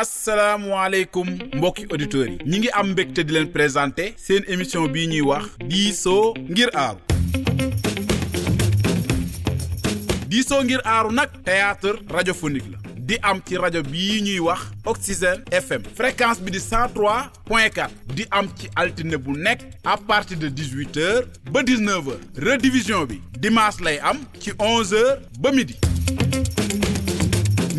asalaamualeykum mbokki auditeurs yi ñi ngi am mbégte di leen présenté seen émission bii ñuy wax diisoo ngir aaru diisoo ngir aaru nag théâtre radiophonique la di am ci rajo bi ñuy wax Oxygène FM fréquence bi di 103 point 4 di am ci altine bu nekk à partir de 18 heures ba 19 heures redivision bi dimaas lay am ci 11 heures ba midi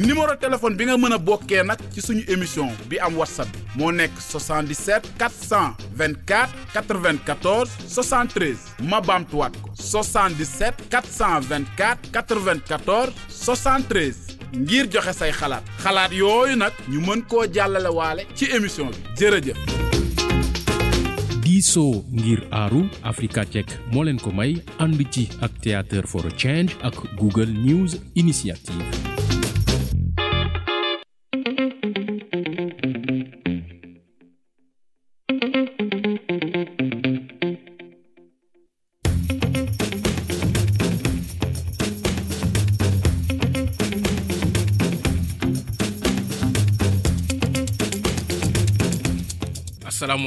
numéro téléphone bi nga mën a bokkee nak ci suñu émission bi am whatsapp moo nekk 77 424 94 73 ma baamtuwaat ko 77 424 94 73 ngir joxe say xalaat xalaat yooyu nag ñu mën koo jàllale waale ci émission bi jërëjëf. diisoo ngir aaru Africa Check moo leen ko may ànd ci ak Theatre for a Change ak Google News Initiative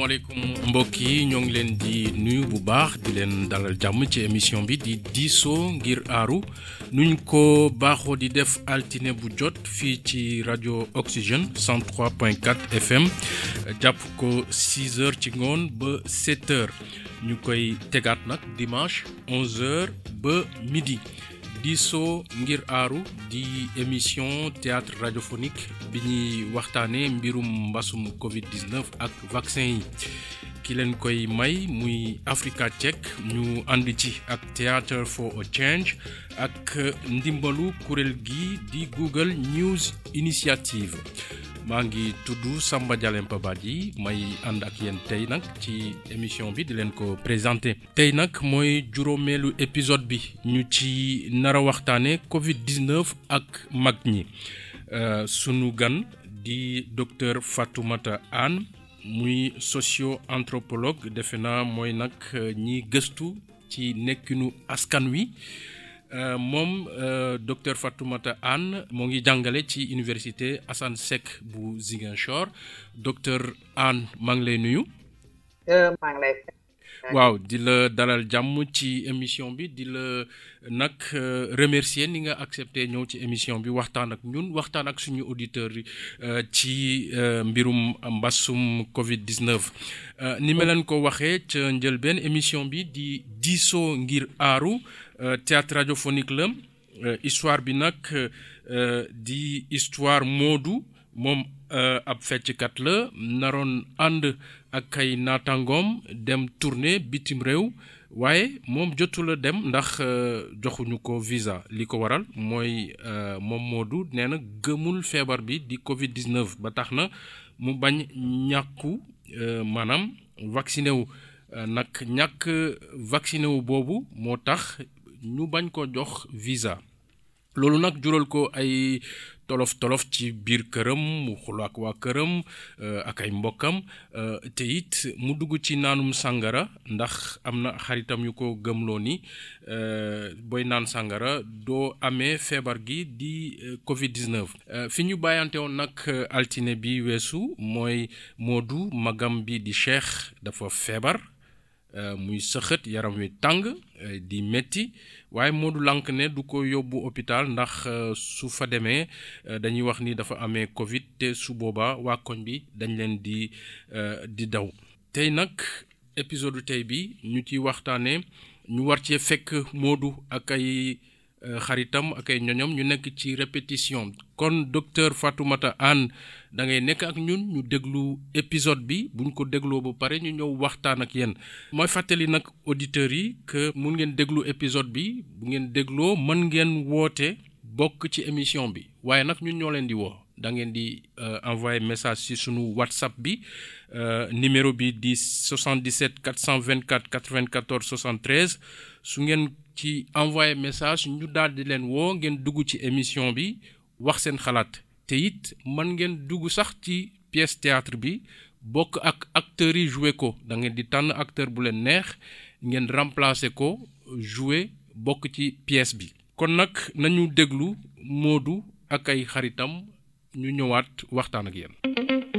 asalaamaaleykum mbokk yi ñoo ngi leen di nuyu bu baax di leen dalal jàmm ci émission bi di diisoo ngir aaru nuñ ko baaxoo di def altine bu jot fii ci rajo Oxygène 103.4 FM jàpp ko 6 ci ngoon ba 7 ñu koy tegaat nag dimanche 11 ba midi. diisoo ngir aaru di émission théâtre radiophonique bi ñuy waxtaanee mbirum mbasum Covid 19 ak vaccin yi ki leen koy may muy Africa Check ñu ànd ci ak Theatre for a Change ak ndimbalu kureel gi di Google News Initiative. maa ngi tudd Samba Dialempa ji may ànd ak yéen tey nag ci émission bi di leen ko présenté tey nag mooy juróomeelu épisode bi ñu ci nar a waxtaane Covid 19 ak mag ñi euh, sunu gan di docteur Fatoumata Anne muy socio anthropologue defe naa mooy nag euh, ñi gëstu ci nekkinu askan wi. %e moom %e docteur :fra Fatoumata Anne mu ngi jàngale ci université :fra bu Ziguinchor [r] docteur :fra Anne maa ngi lay nuyu euh, waaw di la dalal jàmm ci émission bi di la nag %e remercier ni nga accepter ñëw ci émission bi waxtaan ak ñun waxtaan ak suñu auditeurs yi %e ci %e mbirum mbasum Covid 19 [r] ni ma leen ko waxee ca njëlbeen émission bi di diisoo ngir aaru Euh, théâtre radiophonique la euh, histoire bi nag euh, di histoire Modou moom ab fecckat la naroon ànd ak ay naataangoom dem tournée bitim réew waaye moom jotul a dem ndax joxuñu ko visa li ko waral mooy moom Modou nee na gëmul feebar bi di Covid 19 ba tax na mu bañ ñàkku maanaam vacciné wu nag ñàkk vacciné wu boobu moo tax. ñu bañ ko jox visa loolu nag jural ko ay tolof tolof ci biir këram mu xuloo waa këram euh, ak ay mbokkam euh, te it mu dugg ci naanum sàngara ndax am na xaritam yu ko gëmloo ni euh, booy naan sàngara doo amee feebar gi di Covid 19. fi ñu bàyyante woon nag altine bi weesu mooy du magam bi di Cheikh dafa feebar. Uh, muy sëxët yaram wi tàng uh, di metti waaye Modou Lank ne du ko yóbbu hôpital ndax uh, su fa demee euh, dañuy wax ni dafa amee Covid te su boobaa waa bi dañ leen di euh, di daw. Tey nag épisode tey bi ñu ci waxtaanee ñu war cee fekk Modou ak ay. Euh, xaritam ak ñoñom ñu nekk ci répétition kon docteur Fatoumata Anne da ngay nekk ak ñun ñu déglu épisode bi buñ ko dégloo ba pare ñu ñëw waxtaan ak yéen mooy fàttali nag auditeurs yi que mun ngeen déglu épisode bi bu ngeen dégloo mën ngeen woote bokk ci émission bi waaye nag ñun ñoo leen di woo da ngeen di euh, envoyé message ci sunu whatsapp bi euh, numéro bi di 77 424 94 73 su ngeen ci envoyé message ñu daal di leen woo ngeen dugg ci émission bi wax seen xalaat te it man ngeen dugg sax ci pièce théâtre bi bokk ak acteurs yi jouer ko da ngeen di tànn acteur bu leen neex ngeen remplacer ko jouer bokk ci pièce bi. kon nag nañu déglu Modou ak ay xaritam ñu ñëwaat waxtaan ak yéen.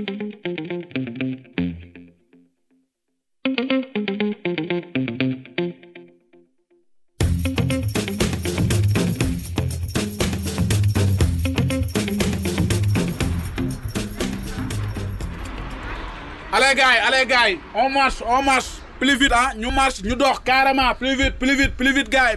allez gars yi allez gars yi on marche on marche plus vite ñu marche ñu dox carrément plus vite plus vite plus vite gars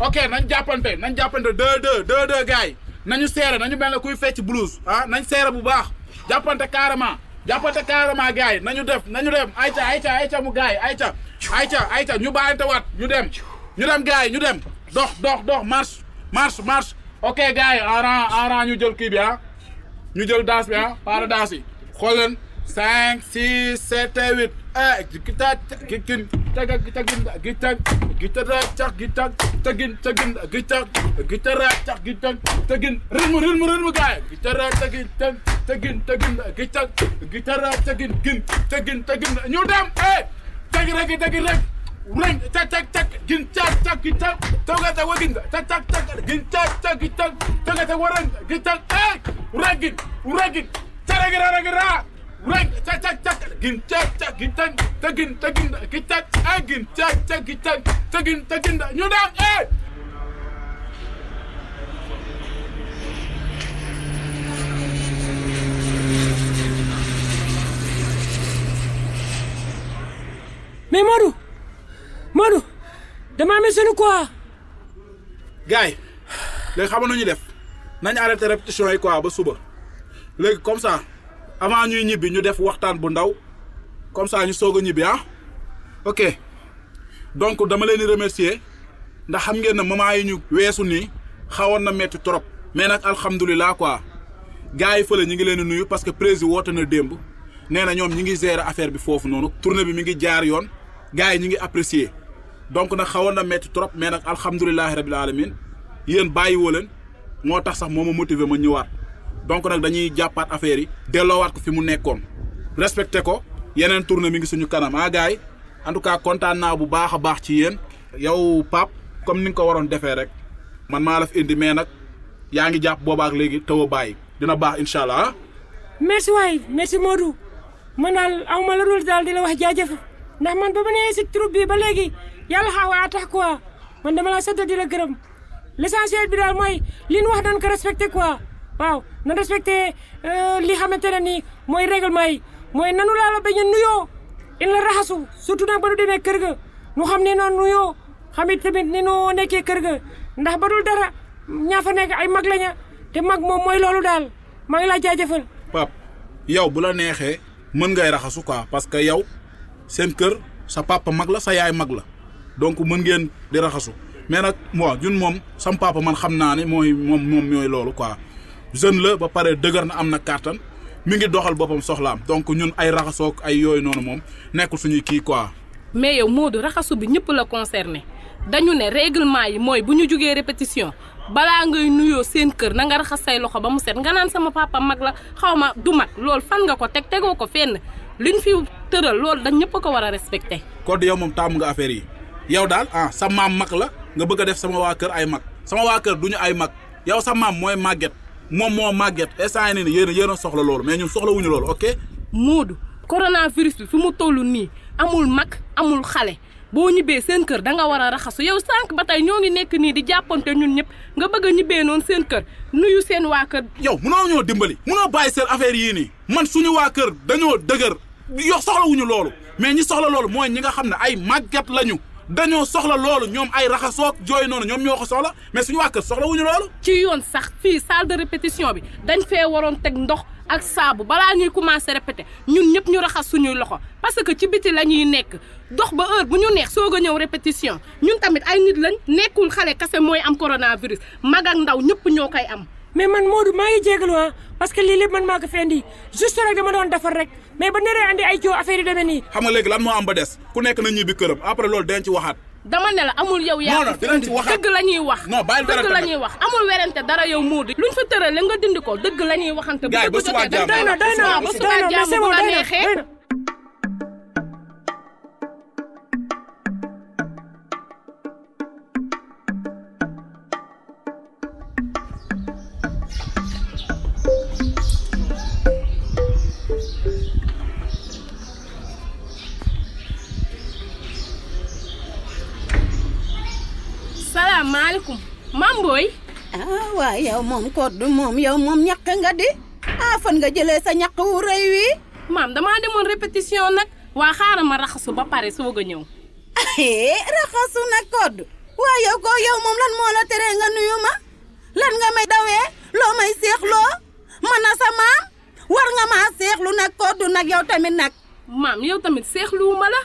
ok nañ jàppante nañ jàppante deux deux deux deux gars yi nañu seere nañu mel ne kuy fecc blouse ah nañ seere bu baax jàppante carrément jàppante carrément gars yi nañu def nañu dem ayca ayca ayca mu gars yi ayca ayca ayca ñu bàyyante waat ñu dem ñu dem gars yi ñu dem dox dox dox mars marche marche ok gars yi en rang en ñu jël kii bi ñu jël daas bi ah paara daas yi xool cinq six sept huit ah gita gin taga gita gin gita gita tax gita tagin tagin gita gita tax gita tagin rythme rythme rythme gaay gita tagin tagin tagin gita gita tagin gin tagin tagin ñu dem eh tagi rek tagi rek reng tak tak tak gin tak tak gita toga ta wagin tak tak tak gin tak tak gita toga ta warang gita eh uragin uragin taragira ragira Rank tak tak tak gin tak tak gin tak tagin tagin gin tak agin tak tak gin tak tagin tagin ñu daan eh mais Modou def nañ ba suba léegi comme ça. avant ñuy ñibbi ñu def waxtaan bu ndaw comme ça ñu soog a ñibbi ah ok donc dama leen di remercier ndax xam ngeen ne moment yi ñu weesu nii xawoon na metti trop. mais nag alhamdulilah quoi gars yi fële ñu ngi leen di nuyu parce que président woote na démb nee na ñoom ñi ngi gérer affaire bi foofu noonu tournée bi mi ngi jaar yoon gars yi ñi ngi apprécier donc na xawoon na metti trop mais nag alhamdulilah rabil alamin yéen bàyyi woo leen moo tax sax moo ma motiver ma ñëwaat. donc nag dañuy jàppaat affaire yi delloowaat ko fi mu nekkoon respecté ko yeneen tournée mi ngi suñu kanam ah gars yi tout cas kontaan naa bu baax a baax ci yéen yow Pape comme ni nga ko waroon defee rek man maa la fi indi mais nag yaa ngi jàpp boobaak léegi taw a bàyyi dina baax incha allah ah. merci waay merci Modou man daal aw ma la daal di la wax jaajëf ndax man ba ma nee si troupe bi ba léegi yàlla xaw tax quoi man dama la sant di la gërëm l'essentiel bi daal mooy li ñu wax waaw na respecté euh, li xamante ne nii mooy règlement yi mooy nanu laa la bañ nuyoo in la raxasu surtout nag ba du demee kër ga nu xam ne noonu nuyoo xamit tamit ni noo nekkee kër ga ndax ba dul dara ñaa fa nekk ay mag laña te mag moom mooy loolu daal maa ngi laa jaajëfal. Pape yow bu la neexee mën ngay raxasu quoi parce que yow seen kër sa papa mag la sa yaay mag la donc mën ngeen di raxasu mais nag waaw jun moom sam papa man xam naa ne mooy moom moom mooy loolu quoi. jeune la ba pare dëgër na am na kàttan mu ngi doxal boppam soxlaam donc ñun ay raxasoog ay yooyu noonu moom nekkul suñu kii quoi. mais yow Modou raxasu bi ñëpp la concerné dañu ne règlement yi mooy bu ñu jugee répétition balaa ngay nuyoo seen kër na nga raxas say loxo ba mu set nga naan sama papa mag la xaw ma du mag loolu fan nga ko teg tegoo ko fenn li liñ fi tëral loolu dañ ñëpp ko war a respecté. kon yow moom taamu nga affaire yi yow daal ah sa maam mag la nga bëgg def sama waa kër ay mag sama waa kër du ñu ay mag yow sa maam mooy màgget. moom moo màgget instant yii nii a soxla loolu mais ñun soxla wuñu loolu ok. Moodu coronavirus bi su mu toll nii amul mag amul xale boo ñibbee seen kër da nga war a raxasu yow sànq ba tey ñoo ngi nekk nii di jàppante ñun ñëpp nga bëgg a ñibbee noonu seen kër nuyu seen waa kër. yow munoo ñoo dimbali munoo bàyyi seen affaire yii nii man suñu waa kër dañoo dëgër yow soxla wuñu loolu mais ñi soxla loolu mooy ñi nga xam ne ay màgget lañu. dañoo soxla loolu ñoom ay raxasoo jooy noonu ñoom ñoo ko soxla mais suñu waa kër soxla wuñu loolu. ci yoon sax fii salle de répétition bi dañ fee waroon teg ndox ak saabu balaa ñuy commencer répéter ñun ñëpp ñu raxas suñuy loxo parce que ci biti la ñuy nekk dox ba heure bu ñu neex soog a ñëw répétition ñun tamit ay nit lañ nekkul xale kase mooy am coronavirus mag ak ndaw ñëpp ñoo koy am. mais man Modou maa ngi jégalu ah parce que lii lépp man maa ko fi indi juste rek doon defar rek mais ba naree andi ay coow affaire yi demee nii. xam nga moo am ba des ku nekk na ñibbi këram après loolu dinañ ci waxaat. dama ne amul yow. yaa ngi dëgg la wax. non bàyyi dara dëgg la wax amul werante dara yow Modou. luñ fa tëralee nga dindi ko dëgg la waxante. bu dëgg jotee dañ doy na doy na doy na ba suba jàmm bu la mbooy ah waaw yow moom koddu moom yow moom ñàkk nga di ah nga jëlee sa ñàkk wu rëy wi maam damaa demoon répétition nag waa xaaral ma raxasu ba pare soog a ñëw raxasu nag koddu waa yow ko yow moom lan moo la tere nga nuyu ma lan nga may dawee loo may seexloo man a sa maam war nga maa seexlu nag koddu nag yow tamit nag maam yow tamit seexluwuma la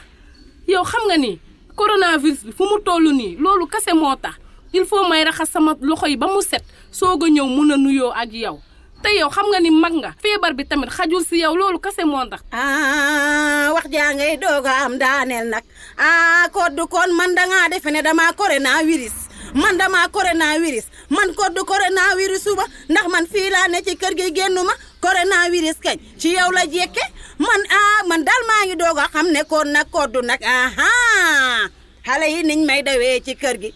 yow xam nga ni coronavirus bi fu mu toll nii loolu kase moo tax il faut may raxas sama loxo yi ba mu set soog a ñëw mun a nuyoo ak yow te yow xam nga ni mag nga. feebar bi tamit xajul si yow loolu kase moo ndax. Ah, wax jaa ngay doog a am daaneel nag ah koddu kon man dangaa defe ne damaa coronavirus. man dama damaa coronavirus man koddu coronavirus suba ndax man fii laa ne ci kër gi génnuma coronavirus kañ ci yow la jekke man ah man daal maa ngi doog a xam ne kon nag koddu nag aha xale yi niñ may dawee ci kër gi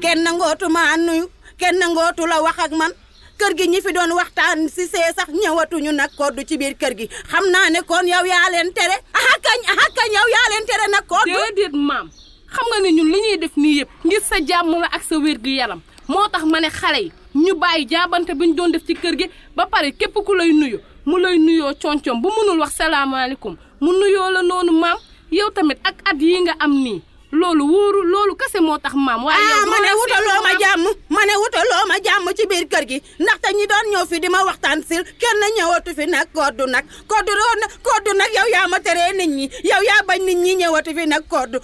kenn nangootu maa nuyu kenn nangootu la wax ak man kër gi ñi fi doon waxtaan si see sax ñëwatuñu nag koddu ci biir kër gi xam naa ne kon yow yaa leen tere aha kañ aha yaa leen tere nag koddu déedéet maam xam nga ne ñun li ñuy def nii yëpp ngir sa jàmm ak sa wér gu yaram moo tax ma ne xale yi ñu bàyyi jaabante bi ñu doon def ci kër gi ba pare képp ku lay nuyu mu lay nuyoo concom bu mënul wax salaamaaleykum mu nuyoo la noonu maam yow tamit ak at yi nga am nii loolu wóoru loolu kase moo tax maam. waaye ah, yow ma ne wutaloo ma jàmm ma ne wutaloo ma jàmm ci biir kër gi ndaxte ñi doon ñëw fi di ma waxtaan sil kenn ñëwatu fi nag koddu nag koddu doon koddu nag yow yaa ma teree nit ñi yow yaa bañ nit ñi ñëwatu fi nag koddu.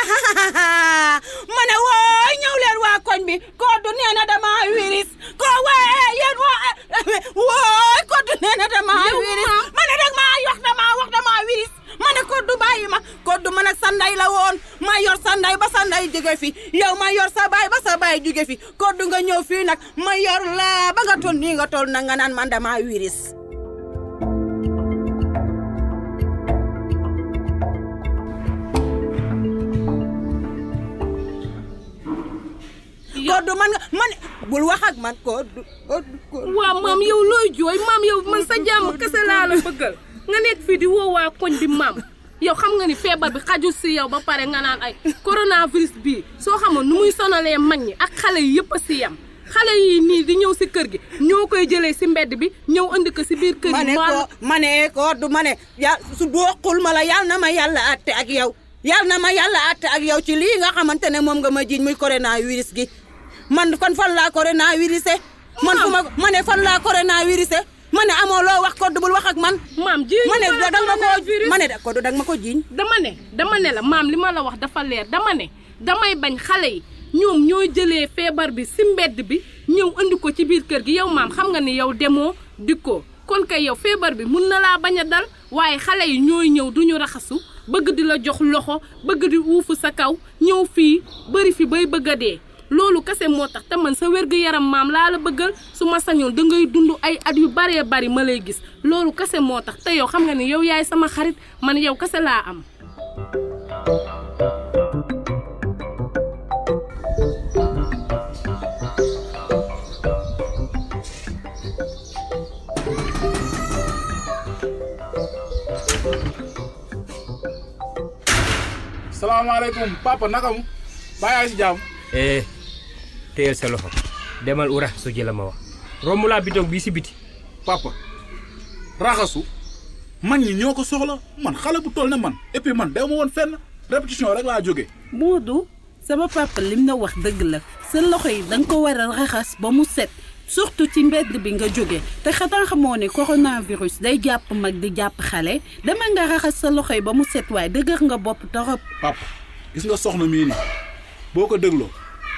ma ne wooy ñëw koddu nee dama wiris ko waaye wooy koddu nee dama wiris ma ne dag maa wax dama wax wiris. ma ne koddu ma koddu ma nag sa la woon ma yor sa ndey ba sa ndey jóge fi yor sa ba sa baay jóge fi nga ñëw fii nag ma yor laa ba nga toll nii nga toll nag naan man dama wiris koddu man nga man bul wax man koddu koddu koddu maam yow looy jooy maam yow man sa jàmm laa la bëggal nga nekk fii di woo waa koñ bi maam yow xam nga ni feebar bi xajul si yow ba pare nga naan ay coronavirus bii soo xamoon nu muy sonalee mag ñi ak xale yi yëpp si yem xale yi nii di ñëw si kër gi ñoo koy jëlee si mbedd bi ñëw andi ko si biir kër yi. ma ne ko du ma ne ya su bokkul ma la yàlla na ma yàlla àtte ak yow yàlla na ma yàlla àtte ak yow ci lii nga xamante ne moom nga ma jiiñ muy coronavirus gi man kon fan laa coronavirusé. man fu ma ma ne fan laa coronavirusé. ma ne amoo loo wax Codou bul wax ak man. maam jiiñ ma ne da ma ko ne Codou da nga ma ko jiiñ. dama ne dama ne la maam li ma la wax dafa leer dama ne damay bañ xale yi ñoom ñoo jëlee feebar bi si mbedd bi ñëw andi ko ci biir kër gi yow maam xam nga ni yow demoo ko kon kay yow feebar bi mun na laa bañ a dal waaye xale yi ñooy ñëw duñu raxasu bëgg di la jox loxo bëgg di wuufu sa kaw ñëw fii bëri fi bay bëgg a dee. loolu kese moo tax te man sa wér-gu-yaram maam laa la bëggal su ma sañoon da ngay dund ay at yu baree bari ma lay gis loolu kese moo tax te yow xam nga ni yow yaay sama xarit man yow kese laa am. salaamaaleykum papa naka mu bàyyi si jàmm. Eh, téyel sa loxo demal u raxasu ji la ma wax romb laa bidon bii si biti papa raxasu man ñi ñoo ko soxla man xale bu toll ne man et man dew ma woon fenn répétition rek laa jógee Moodu sama papa lim na wax dëgg la sa loxo yi danga ko war a raxas ba mu set surtout ci mbedd bi nga jóge te xataa xamoo ne coronavirus day jàpp mag di jàpp xale dama nga raxas sa loxo yi ba mu set waaye dëgër nga bopp torop papa gis nga soxna mii nii boo ko dégloo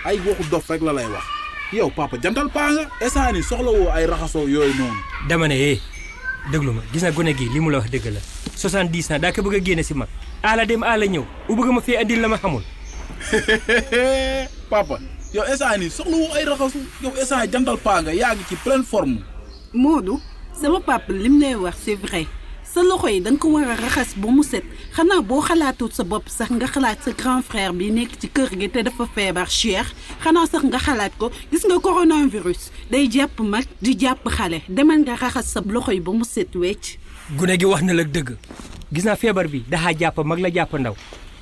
ay waxu dof rek la lay wax yow papa jantal paa nga instant ni soxla ay raxasoo yooyu noonu. dama ne eh déglu ma gis na gone gi li mu la wax dëgg la soixante-dix ans daa ko bëgg a génne si mag ala dem ala ñëw u bëgg ma fee andil la ma xamul. papa yow instant ni soxla woo ay raxasu yow instant jantal paa nga yaa ngi ci pleine forme. Modou sama li mu lay wax c'est vrai. sa loxo yi da ko war a raxas ba mu set xanaa boo xalaatul sa bopp sax nga xalaat sa grand frère bi nekk ci kër gi te dafa feebar cher xanaa sax nga xalaat ko gis nga coronavirus day jàpp mag di jàpp xale demal nga raxas sa loxo yi ba mu set wecc. gune gi wax na la dëgg gis naa feebar bi daxaa jàpp mag la jàpp ndaw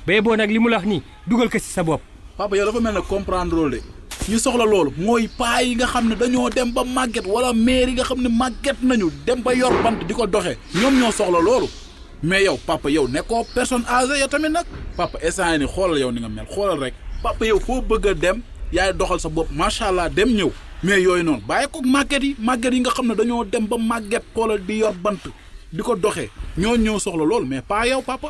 ba boo nag li mu la wax nii dugal ko ci sa bopp. papa yow dafa mel ne comprendre loolu ñu soxla loolu mooy paa yi nga xam ne dañoo dem ba màgget wala maire yi nga xam ne màgget nañu dem ba yor bant di ko doxee ñoom ñoo soxla loolu mais yow papa yow nekkoo personne âgée yow tamit nag papa instant ni xoolal yow ni nga mel xoolal rek papa yow foo bëgg a dem yaay doxal sa bopp macha allah dem ñëw mais yooyu noonu bàyyi ko màgget yi màgget yi nga xam ne dañoo dem ba màgget xoolal di yor bant di ko doxee ñoo ñëw soxla loolu mais pas yow papa.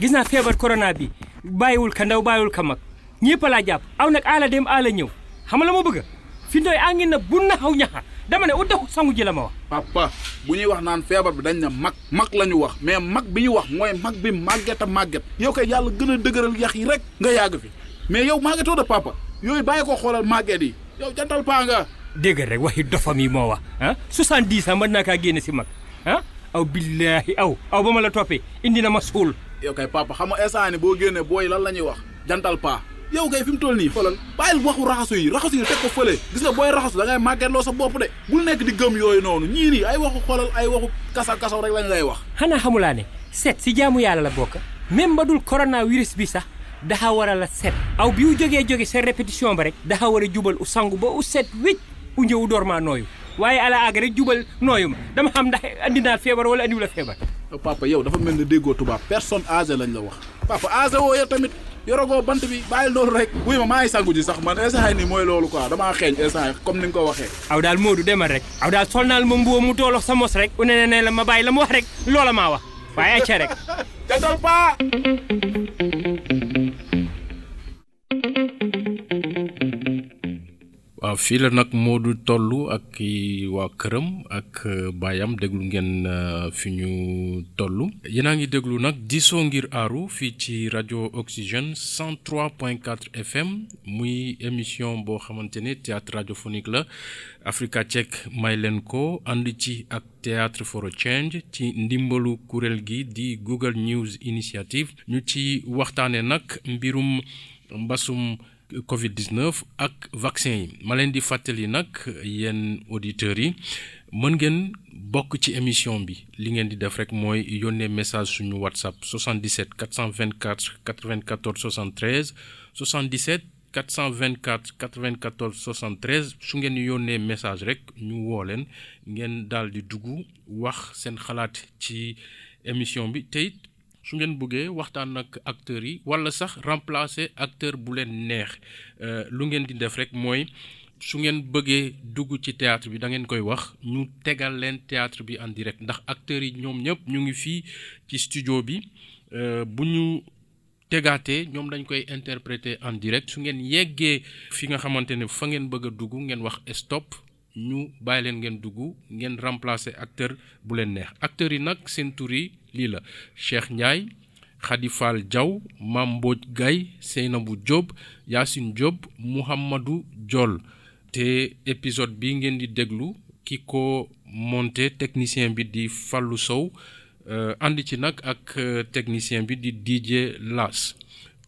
gis naa feebar corona bi bàyyiwul ka ndaw bàyyiwul ka mag ñëpp laa jàpp aw nag aala dem aala ñëw. xam nga la ma bëgg fi ndoy angi na bu naxaw ñaxa dama ne uddaku sangu ji la ma wax papa bu ñuy wax naan feebar bi dañ na mag mag la ñu wax mais mag bi ñu wax mooy mag bi màgget a màgget yow kay yàlla gën a dëgëral yax yi rek nga yàgg fi mais yow màggetoo de papa yooyu bàyyi ko xoolal màgget yi yow jantal paa nga dégg rek waxi dofam yi moo wax ah soixante-dix ans mën naa kaa génne si mag ah aw billaahi aw aw ba ma la toppee indi na ma suul yow kay papa xam nga instant boo génnee booy lan la ñuy wax jantal paa yow kay fi mu toll nii xoolal bàyyil waxu raxasu yi raxasu yi teg ko fële gis nga booy raxasu da ngay màggetloo sa bopp de bul nekk di gëm yooyu noonu ñii nii ay waxu xoolal ay waxu kasa kasaw rek lañ lay wax xanaa xamulaa ne set si jaamu yàlla la bokk même ba dul coronavirus bi sax daxa war a la set aw bi u jógee jóge sa répétition ba rek daxa war a jubal u sangu ba u set wécc u njëwu door maa nooyu waaye ala àgg rek jubal nooyu ma dama xam ndax andi naa feebar wala andiwu la feebar papa yow dafa mel ne déggoo tubaab personne âgée lañ la wax yoragoo bant bi bàyyil loolu rek wuy ma maa ngi sangu ji sax man instant yi nii mooy loolu quoi damaa xeeñ instant comme ni ko waxee aw daal Modou demal rek aw daal sol naal ma mbuba mu toolox sa mos rek u ne ne la ma bàyyi la mu wax rek loola maa wax waaye acca rek jatal waaw fii la nag Modou toll ak waa këram ak euh, baayam déglu ngeen euh, fi ñu toll yéen a ngi déglu nag di diisoo ngir aaru fii ci rajo Oxygène 103.4 FM muy émission boo xamante ne théâtre radiophonique la Africa Check may leen ko ànd ci ak Théâtre for a Change ci ndimbalu kuréel gi di Google News Initiative ñu ci waxtaane nag mbirum mbasum Covid 19 ak vaccin yi ma leen di fàttali nag yenn auditeurs yi mën ngeen bokk ci émission bi li ngeen di def rek mooy yónnee message suñu WhatsApp 77 424 94 73 vingt 424 94 73 su ngeen yónnee message rek ñu woo leen ngeen daal di dugg wax seen xalaat ci émission bi tey su ngeen bëggee waxtaan ak acteurs yi wala sax remplacer acteur bu leen neex euh, lu ngeen di def rek mooy su ngeen bëggee dugg ci théâtre bi da ngeen koy wax ñu tegal leen théâtre bi en direct ndax acteurs yi ñoom ñëpp ñu ngi fii ci studio bi euh, bu ñu tegaatee ñoom dañ koy interpréter en direct su ngeen yeggee fi nga xamante ne fa ngeen bëgg a dugg ngeen wax stop ñu bàyyi leen ngeen dugg ngeen remplacer acteur bu leen neex acteurs yi nag seen tour yi lii la Cheikh Ndiaye Khady Fall Diaw Mame Mbodj Gaye Seynabou Diop Yacine Diop Mouhamadou Diol te épisode bi ngeen di déglu ki ko monté technicien bi di Fallou Sow euh, ànd ci nag ak euh, technicien bi di DJ Las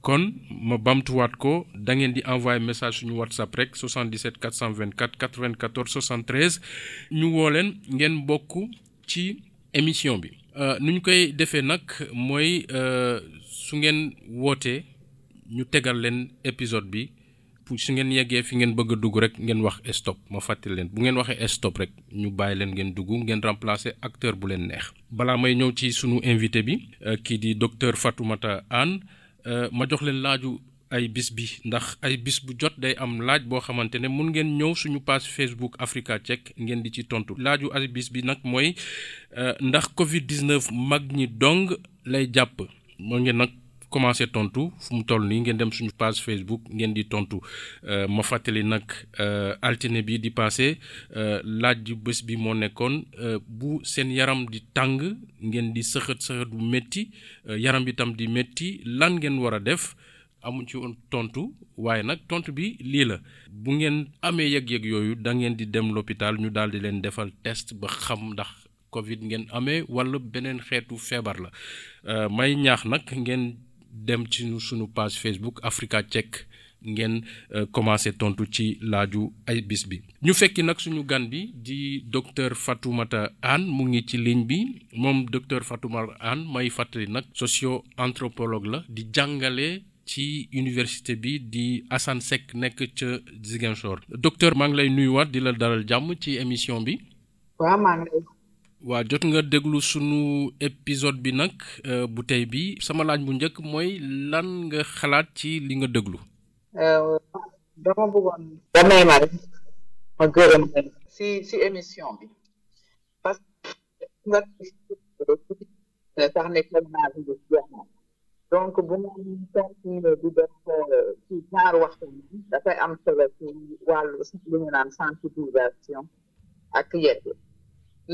kon ma bamtuwaat ko da ngeen di envoyé message suñu whatsapp rek 77 424 94 73 ñu woo leen ngeen bokk ci émission bi. %e nu ñu koy defee nag mooy %e su ngeen wootee ñu tegal leen épisode bi pour su ngeen yeggee fi ngeen bëgg a dugg rek ngeen wax stop ma fàttali leen bu ngeen waxee stop rek ñu bàyyi leen ngeen dugg ngeen remplacer acteur bu leen neex balaa may ñëw ci sunu invité bi euh, kii di docteur :fra Fatoumata Anne %e ma jox leen laaju ay bis bi ndax ay bis bu jot day am laaj boo xamante ne mun ngeen ñëw suñu page Facebook Africa Check ngeen di ci tontu laaju ay bis bi nag mooy euh, ndax Covid 19 mag ñi dong lay jàpp moo ngeen nag commencé tontu fu mu toll nii ngeen dem suñu page Facebook ngeen di tontu euh, ma fàttali nag euh, altine bi di passé laaj ju bés bi moo nekkoon bu seen yaram di tàng ngeen di sëxët sëxët bu métti yaram bi tam di métti lan ngeen war a def. amuñ ci woon tontu waaye nag tontu bi lii la bu ngeen amee yëg-yëg yooyu da ngeen di dem l'hôpital ñu daal di leen defal test ba xam ndax Covid ngeen amee wala beneen xeetu feebar la euh, may ñaax nag ngeen dem ci suñu page Facebook Africa Check ngeen euh, commencé tontu ci laaju ay bis bi ñu fekki nag suñu gan bi di docteur Fatoumata Anne mu ngi ci ligne bi moom docteur Fatoumata Anne may fàttali nag socio anthropologue la di jàngale ci université bi di Assane Seck nekk ca Ziguinchor docteur maa ngi lay nuyuwaat di la dalal jàmm ci émission bi. waa jot nga déglu sunu épisode bi nag euh, bu tey bi sama laaj bu njëkk mooy lan nga xalaat ci li nga déglu. Euh, dama donc bu ma continuer di def ci ñaar waxtaan dafay am solo ci wàllu lu ñu naan sensibilisation ak yedd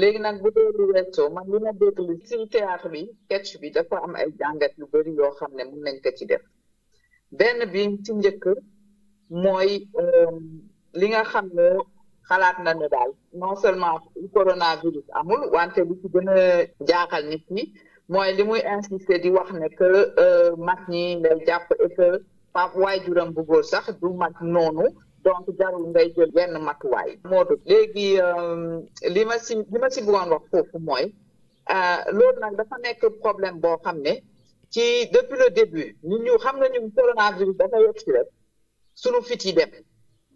léegi nag bu dee lu weesoo man li ma déglu ci théâtre bi sketch bi dafa am ay jàngat yu bari yoo xam ne mën nañ ko ci def benn bi ci njëkk mooy euh, li nga xam ne xalaat na ne daal non seulement coronavirus amul wante lu ci gën a jaaxal nit ñi mooy li muy insisté di wax ne que euh, mag ñi jàpp et que pap waajuram bu góor sax du mag noonu donc jarul ngay jël benn matuwaay moo du léegi euh, li ma si li ma si bëggoon wax foofu mooy euh, loolu nag dafa nekk problème boo xam ne ci depuis le début ñu ñu xam nga ñu coronavirus dafa yegg fi rek sunu fit yi dem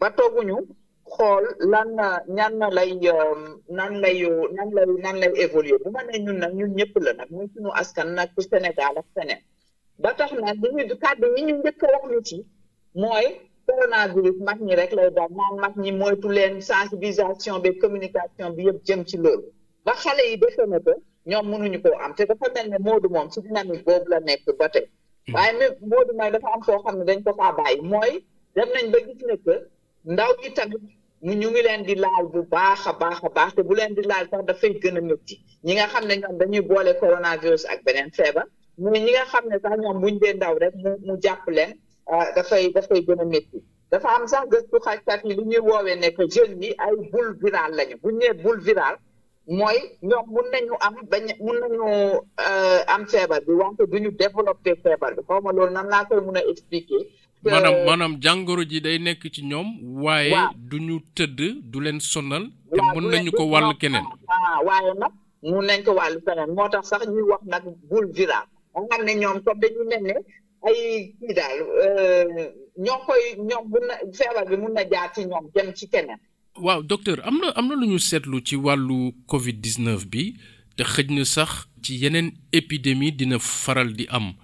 ba tooguñu xool lan ñan lay um, nan lay nan lay nan lay évoluer bu ma ne ñun nag ñun ñëpp la nag ñun suñu askan nag ku Sénégal ak feneen ba tax nag li ñu kàddu yi ñu njëkk a wax nit yi mooy coronavirus mag ñi rek lay daal naan mag ñi moytu leen sensibilisation bi communication bi yëpp jëm ci loolu ba xale yi defee na ko ñoom mënuñu koo am te dafa mel ne Modou moom ci dynamique boobu la nekk ba tey hmm. waaye même Modou mooy dafa am foo xam ne dañ ko faa mooy dem nañ ba gis ne ndaw itamit tamit ñu ngi leen di laal bu baax a baax a baax te bu leen di laal sax dafay gën a métti ñi nga xam ne ñoom dañuy boole coronavirus ak beneen feebar mais ñi nga xam ne sax ñoom buñ dee ndaw rek mu mu jàpp leen ah, dafay dafay gën a métti dafa am sax gëstu xajkat yi li ñuy woowee ne que jeunes yi ay boule virale lañu buñ nee boule virale mooy ñoom mun nañu am bañ mun nañu euh, am feebar bi wante du ñu développé feebar bi xaw ma loolu nan laa koy mun a expliquer maanaam euh, maanaam jàngoro ji day nekk ci ñoom. waaye du ñu tëdd du leen sonal. te mën nañu ko wàll keneen. waaye nag mun nañ ko wàllu feneen moo tax sax ñuy wax nag boule virale. xam nga ne ñoom comme dañu mel ne ay kii daal euh, ñoo ci ñoom dem ci am na am na lu ñu seetlu ci wàllu Covid 19 bi te xëj na sax ci yeneen épidémie dina faral di am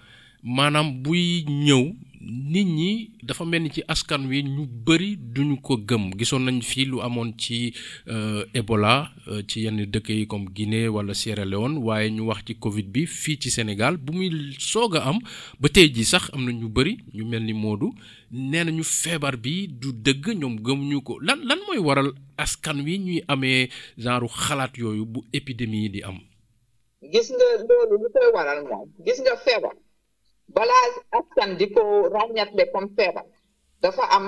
maanaam buy ñëw. nit ñi dafa mel ni ci askan wi ñu bari duñu ko gëm gisoon nañ fii lu amoon ci euh, Ebola euh, ci yenn dëkk yi comme Guinée wala Sierra Leone waaye ñu wax ci Covid bi fii ci Sénégal bu muy soog a am ba tey jii sax am na ñu bari ñu mel ni moodu nee nañu feebar bi du dëgg ñoom gëmuñu ko lan lan mooy waral askan wi ñuy amee genre xalaat yooyu bu épidémie yi di am. gis nga loolu lu koy waral moom gis nga feebar. balaa askan di ko ràññatle comme feebar dafa am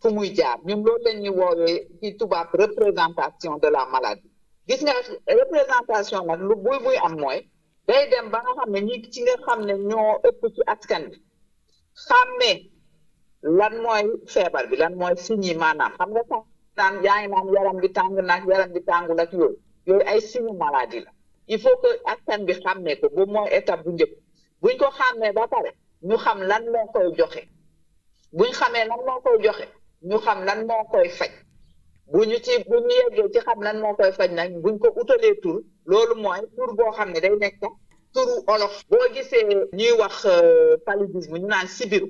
fu muy jaar ñun loolu la ñuy woowee ci tubaab représentation de la maladie gis nga représentation nag lu buy buy am mooy day dem ba nga xam ne ñi ci nga xam ne ñoo ëpp ci askan bi xàmmee lan mooy feebar bi lan mooy signe yi maanaam xam nga sax naan yaa ngi naan yaram bi tàng naag yaram bi tàngul ak yooyu yooyu ay si maladie la il faut que askan bi xàmmee ko boobu mooy étape bu njëkk buñ ko xàmmee ba pare ñu xam lan moo koy joxe buñ xamee lan moo koy joxe ñu xam lan moo koy faj bu ñu ci bu ñu ci xam lan moo koy faj nañ buñ ko utalee tur loolu mooy tur boo xam ne day nekk turu olof boo gisee ñuy wax euh, paludisme ñu naan sibiru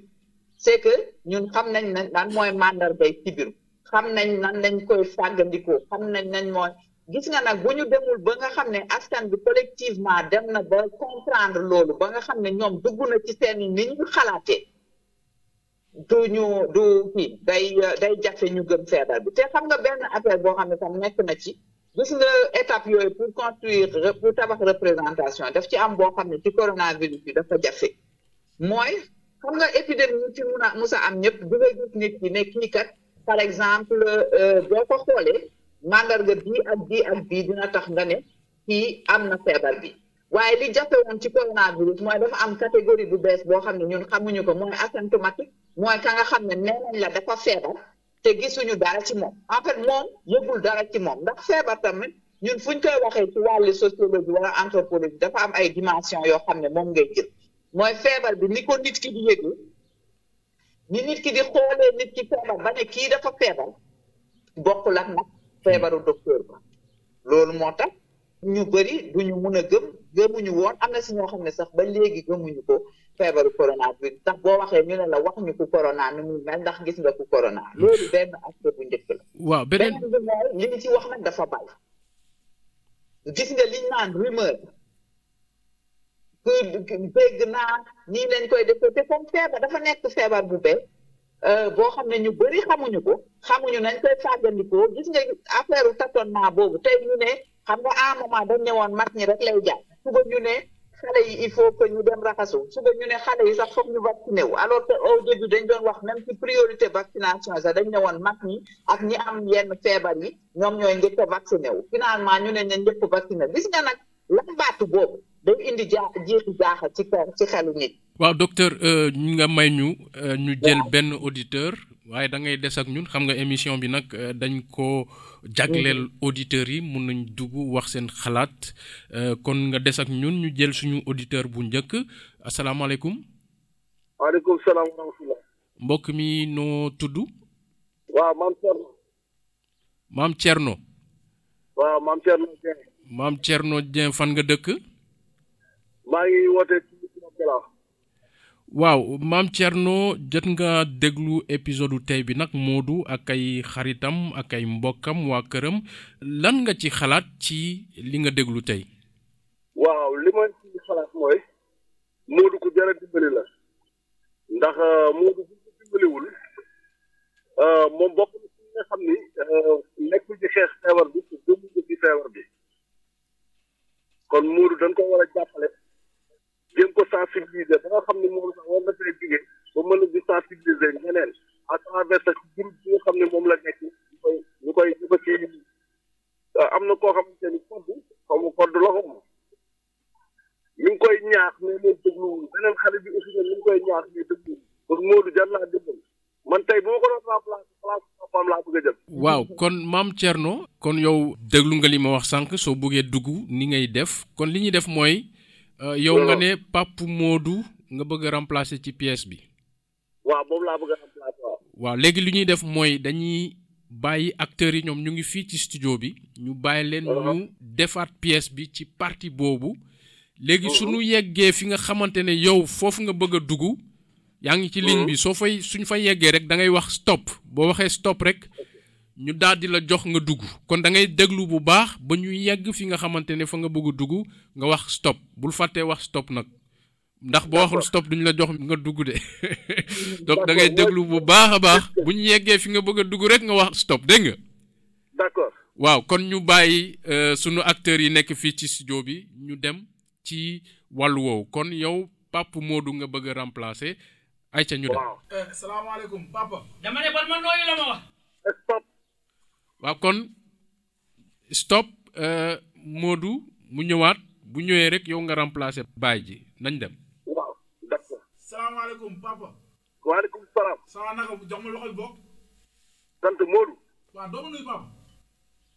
c'est que ñun xam nañ nañ lan mooy màndargay sibiru xam nañ nan nañ koy fàggandikoo xam nañ nañ mooy gis nga nag bu ñu demul ba nga xam ne askan bi collectivement dem na ba comprendre loolu ba nga xam ne ñoom dugg na ci seen ni ñu xalaatee du ñu du kii day day jafe ñu gëm feebar bi te xam nga benn affaire boo xam ne tam nekk na ci gis nga étape yooyu pour construire pour tabax représentation def ci am boo xam ne ci coronavirus bi dafa jafe mooy xam nga épidémie yi ci mun a musa am ñëpp du nga gis nit ki ne kii kat par exemple euh, boo ko xoolee màndarga bii ak bii ak bii dina tax nga ne kii am na feebar bi waaye li jafe woon ci coronavirus mooy dafa am catégorie bu bees boo xam ne ñun xamuñu ko mooy asymptomatique mooy ka nga xam ne nee la dafa feebar te gisuñu dara ci moom en fait moom yëgul dara ci moom ndax feebar tamit ñun fu ñu koy waxee ci wàllu sociologie wala anthropologie dafa am ay dimension yoo xam ne moom ngay jël mooy feebar bi ni ko nit ki di yëgu ni nit ki di xoolee nit ki ba ne kii dafa feebar bokkul nag feebaru docteur ba loolu moo tax ñu bari du ñu mun a gëm gëmuñu woon am na si ñoo xam ne sax ba léegi gëmuñu ko feebaru corona bi ndax boo waxee ñu ne la wax ñu ku corona nu mu mel ndax gis nga ku corona loolu benn aspect bu njëkk la. waaw beneen bi mooy li ñu ci wax nag dafa bari. gis nga liñ naan rumeur. ku dégg naa nii lañ koy defee te comme feebar dafa nekk feebar bu bees. Euh, boo xam ne ñu bëri xamuñu ko xamuñu nañ koy fàggandikoo gis nga affaire tâtonnement boobu tey ñu ne xam nga à un moment dañ ñëwoon mag ñi rek lay jàpp suba ñu ne xale yi il faut que ñu dem raxasu suba ñu ne xale yi sax foog ñu vacciné wu alors que au début dañ doon wax même ci priorité vaccination sax dañ ñëwoon mag ñi ak ñi am yenn feebar yi ñoom ñooy njëkk a vacciné wu finalement ñu ne ña njëkk vacciné gis nga nag làmbaatu boobu day indi jaa jéem jaaxal ci xelu nit. waaw docteur euh, ñu nga may ñu. Euh, ñu jël benn auditeur. waaye da ngay des ak ñun xam nga émission bi nag euh, dañ ko jagleel mhm. auditeurs yi mun nañ dugg wax seen xalaat kon nga des ak ñun ñu jël suñu auditeur bu njëkk asalaamaaleykum. waaleykum salaam mbokk mi noo tudd. waaw maam Thierno. maam Thierno. maam Thierno maam Thierno Dieng fan nga dëkk. maa ngi woote waaw maam Thierno jot nga déglu épisode tey bi nag Modou ak ay xaritam ak ay mbokkam waa këram lan nga ci xalaat ci li nga déglu tey. waaw li ma ci xalaat mooy. Modou ku jar a dimbali la. ndax euh, Modou bu ñu dimbaliwul euh, moom bokk na ci nga xam ni euh, nekkul ci xeex feebar bi te jëmul ci feebar bi. kon Modou dañ ko war a jàppale jéem ko sensibiliser ba nga xam ne moom sax war na fee jugee ba mën a di sensibiliser ñeneen à travers sa groupe bi nga xam ne moom la nekk ñu koy ñu koy ñu ko ci euh, am na koo xamante ni kodd xaw ma kodd la ko ñu ngi koy ñaax mais moom dégluwul beneen bi aussi ne ñu koy ñaax mais dégluwul kon Modou man waaw kon maam Thierno. kon yow déglu nga li ma wax sànq soo bëggee dugg ni ngay def kon li ñuy def mooy. Euh, yow nga ne Pape Modou nga bëgg a remplacer ci pièce bi. waaw léegi li ñuy def mooy dañuy bàyyi acteurs yi ñoom ñu ngi fii ci studio bi. ñu bàyyi leen uh-huh. ñu defaat pièce bi ci partie boobu. léegi uh-huh. su ñu yeggee fi nga xamante ne yow foofu nga bëgg a dugg. yaa ngi ci ligne bi hmm. soo fay suñ fa yeggee rek dangay wax stop boo waxee stop rek ñu daal di la jox nga dugg kon da ngay déglu bu baax ba ñu yegg fi nga xamante ne fa nga bëgg a dugg nga wax stop bul fàttee wax stop nag ndax boo stop duñ la jox nga dugg de donc da ngay déglu bu baax a baax bu ñu yeggee fi nga bëgg dugg rek nga wax stop dégg nga. waaw kon ñu bàyyi euh, sunu acteurs yi nekk fii ci studio bi ñu dem ci wàll woowu kon yow pàpp moodu nga bëgg a remplacer. ayca ñu dem waaw. Eh, salaamaaleykum papa. dama ne bal ma nooyu la ma wax. stop. waaw kon stop euh, Modou mu ñëwaat bu ñëwee rek yow nga remplacer baay ji nañ dem. waaw d'accord. salaamaaleykum papa. waaleykum salaam. sama naka jox ma loxo bi bokk. sant Modou. waaw doo ma nuyu waaw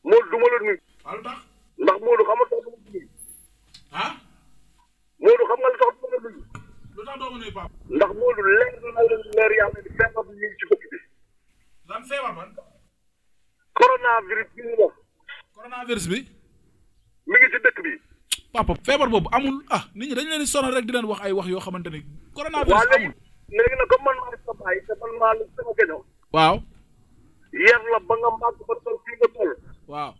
lu tax. ndax Modou xam nga tax du ma ah? xam nga lu tax du ma ndax Modou leer na leer yàlla ni feebar bi ñu ngi ci dëkk bi. coronavirus bi mu ngi ci dëkk bi. papa feebar boobu amul ah nit ñi dañ leen di sonal rek di leen wax ay wax yoo xamante ni. coronavirus amul léegi nag waaw. yar la ba nga màgg ba toll fii nga toll. waaw.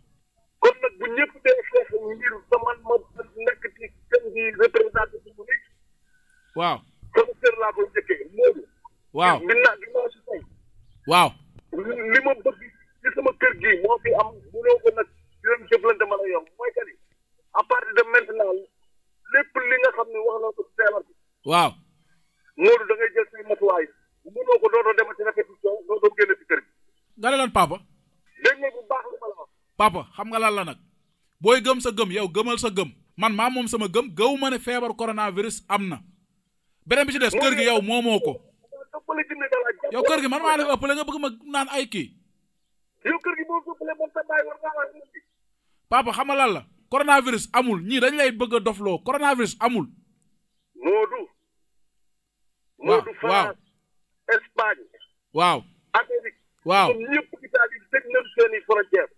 kon nag bu ñëpp dee foofu ngir sama ma nekk ci seen bi représenté waaw laa ko waaw bi naa waaw. li ma bëgg ci sama kër gi moo fi am mënoo ko nag yéen jëflante à partir de maintenant lépp li nga xam ne wax na ko feebar bi. waaw. da ngay jël say matuwaay mënoo ko dootoo dem ci répétition dootoo génn ci kër gi. nga ne lan papa. dégg nga bu baax li ma la wax. papa xam nga lan la nag booy gëm sa gëm yow gëmal sa gëm man maa moom sama gëm gëw ma ne feebar coronavirus am na. beneen bi ci des kër gi yow moomoo ko. yow kër gi man maa def ëppale nga bëgg ma naan ay kii. yow kër gi moom ëppale moom la coronavirus amul ñii dañ lay bëgg a dofloo coronavirus amul. Moodu. Moodu France Espagne. waaw waaw i frontières.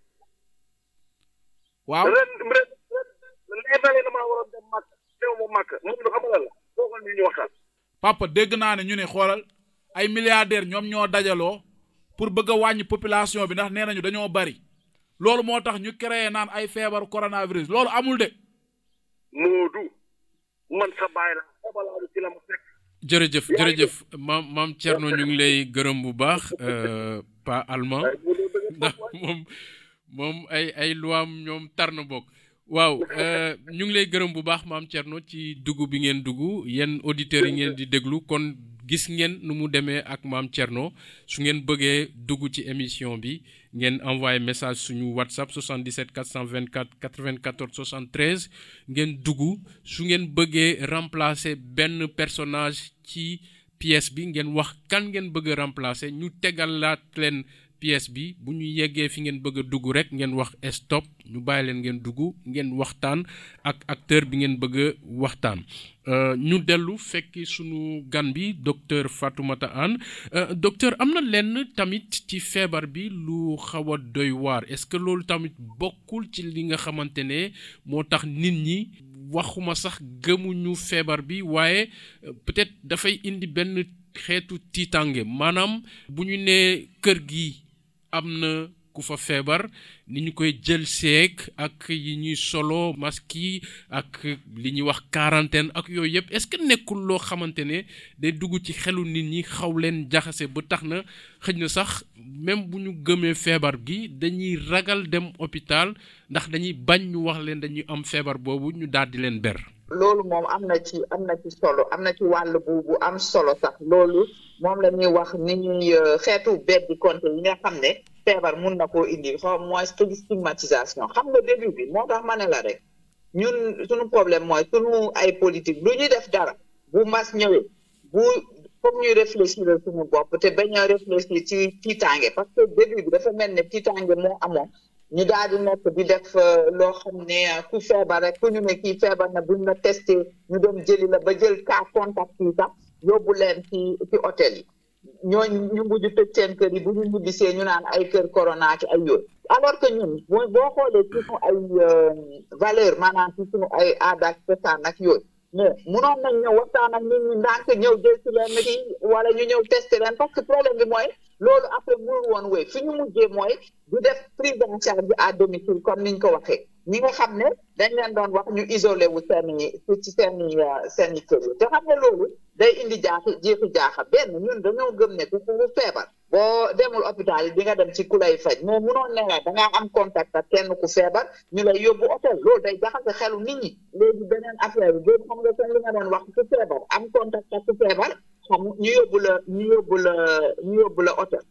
waaw ren toogal ñu dégg naa ne ñu ne xoolal ay milliardaires ñoom ñoo dajaloo pour bëgg a wàññi population bi ndax nee nañu dañoo bari loolu moo tax ñu créé naan ay feebaru coronavirus loolu amul de. jërëjëf jërëjëf maam maam Thierno ñu ngi lay gërëm bu baax euh, pas allemand ndax moom ay ay luwaam ñoom tar na bokk. waaw euh, ñu ngi lay gërëm bu baax maam Thierno ci dugg bi ngeen dugg yéen auditeurs yi ngeen di déglu kon gis ngeen nu mu demee ak maam Thierno su ngeen bëggee dugg ci émission bi ngeen envoyé message suñu WhatsApp 77 424 94 73 ngeen dugg su ngeen bëggee remplacer benn personnage ci pièce bi ngeen wax kan ngeen bëgg a ñu tegal tegalaat leen pièce bi bu ñu yeggee fi ngeen bëgg a dugg rek ngeen wax stop ñu bàyyi leen ngeen dugg ngeen waxtaan ak acteur bi ngeen bëgg a waxtaan euh, ñu dellu fekki suñu gan bi docteur Fatoumata Anne euh, docteur am na lenn tamit ci feebar bi lu xaw a doy waar est-ce que loolu tamit bokkul ci li nga xamante ne moo tax nit ñi waxuma sax gëmuñu feebar bi waaye euh, peut-être dafay indi benn xeetu tiitaange maanaam bu ñu nee kër gi am na ku fa feebar ni ñu koy jël seek ak yi ñuy solo masque yi ak li ñuy wax quarantaine ak yooyu yëpp est-ce que nekkul loo xamante ne day dugg ci xelu nit ñi xaw leen jaxase ba tax na xëj na sax même bu ñu gëmee feebar gi dañuy ragal dem hôpital ndax dañuy bañ ñu wax leen dañuy am feebar boobu ñu daal di leen ber. loolu moom am na ci am na ci solo am na ci wàll bu bu am solo sax loolu moom la ñuy wax ni ñuy euh, xeetu beddi compte yi nga xam ne feebar mun na koo indi xaw mooy stigmatisation xam nga début moo tax ma ne la rek ñun suñu problème mooy suñu ay politique lu ñuy def dara bu mas ñëwee bu comme ñuy réfléchir suñu bopp te bañ a réfléchir ci tiitaange parce que bi dafa mel ne tiitaange moo amoon ñu daal di nekk di def euh, loo xam ne euh, ku feebar rek ku ñu ne kii feebar na buñ la testé ñu dem jëli la ba jël ka contact yi sax yóbbu leen ci ci hôtel yi ñooñu ñu mujj tëj seen kër yi bu ñu ñibbisee ñu naan ay kër corona ci ay yooyu alors que ñun boo boo xoolee ci suñu ay euh, valeur maanaam ci suñu ay aada ak cosaan ak yooyu mais munoon nañ ñëw waxtaan ak nit ñi ndànk ñëw jël si leen nit yi wala ñu ñëw testé leen parce que problème bi mooy loolu après mënul woon wéy fu ñu mujjee mooy du def prise en charge bi à domicile comme niñ ko waxee ñi nga xam ne dañ leen doon wax ñu isolé wu seen i ci seen i seen i kër te xam ne loolu day indi jaaxi jiixi jaaxa benn ñun dañoo gëm ne ku feebar boo demul hôpital yi nga dem ci ku lay faj mais munoo ne la da am contact kenn ku feebar ñu lay yóbbu hôtel loolu day jaxase xelu nit ñi léegi beneen affaire bi boobu xam nga comme li nga doon wax ku feebar am contact ak ku feebar xam ñu yóbbu la ñu yóbbu la ñu yóbbu la hôtel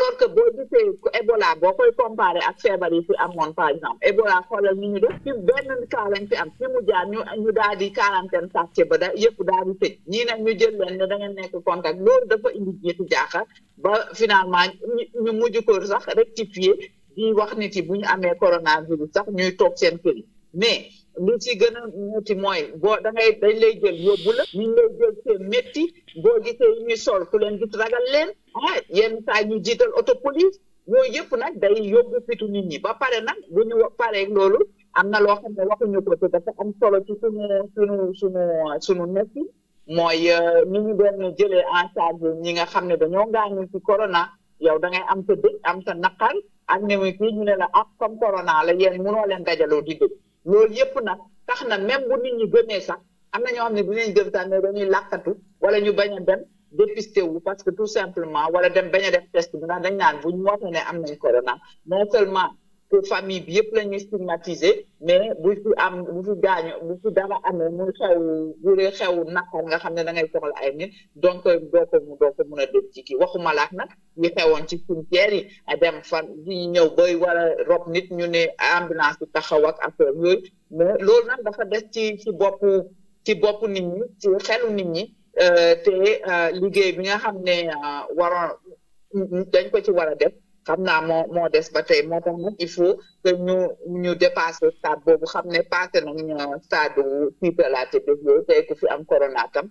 lool que boo gisee Ebola boo koy comparé ak feebar yi fi amoon par exemple Ebola xoolal ni def ci benn cas lañ fi am fi mu jaar ñu ñu daal di quarantaine sàcce ba da yëpp daal di tëj ñii nag ñu jël leen ne da ngeen nekk contact loolu dafa indi jiitu jaaxal ba finalement ñu mujj ko sax rectifier di wax nit yi bu ñu amee coronavirus sax ñuy toog seen kër mais lu si gën a métti mooy boo da ngay dañ lay jël yóbbu la ñu lay jël seen métti boo gisee ñuy sol ku leen gis ragal leen ah yenn saa ñu jiital auto police yooyu yëpp nag day yóbbu fitu nit ñi ba pare nag bu ñu paree loolu am na loo xam ne waxuñu ko te dafa am solo ci suñu suñu suñu suñu mooy euh, ni ñu doon en charge ñi nga xam ne dañoo gaañu ci corona yow da am sa dëj am sa naqar ak ne muy fii ñu ne la ak ah, comme corona la yéen mënoo leen dajaloo di dëj loolu yëpp na tax na même bu nit ñi gëmee sax am na ñoo xam ne dinañ gëm sax ne dañuy làkkatu wala ñu bañ a dem dépisté wu parce que tout simplement wala dem bañ a def test bi ndax dañ naan bu ñu moo ne am nañ corona non seulement que famille bi yëpp la ñuy stigmatiser mais bu fi am bu fi gaaño bu fi dara amee muy xew bu dee xew naqar nga xam ne da ngay soxla ay nit donc doo ko doo ko mën a def ci kii waxuma laak nag yi xewoon ci cimetière yi dem fan di ñëw bay war a nit ñu ne ambulance bi taxaw ak affaire yooyu mais loolu nag dafa des ci ci boppu ci boppu nit ñi ci xelu nit ñi euh, te euh, liggéey bi nga xam ne euh, waroon dañ ko ci war a def xam naa moo moo des ba tey moo tax nag il faut que ñu ñu dépassé stade boobu xam ne passé nañ euh, stade wu tiitalaate bés yooyu tey ku fi am corona tam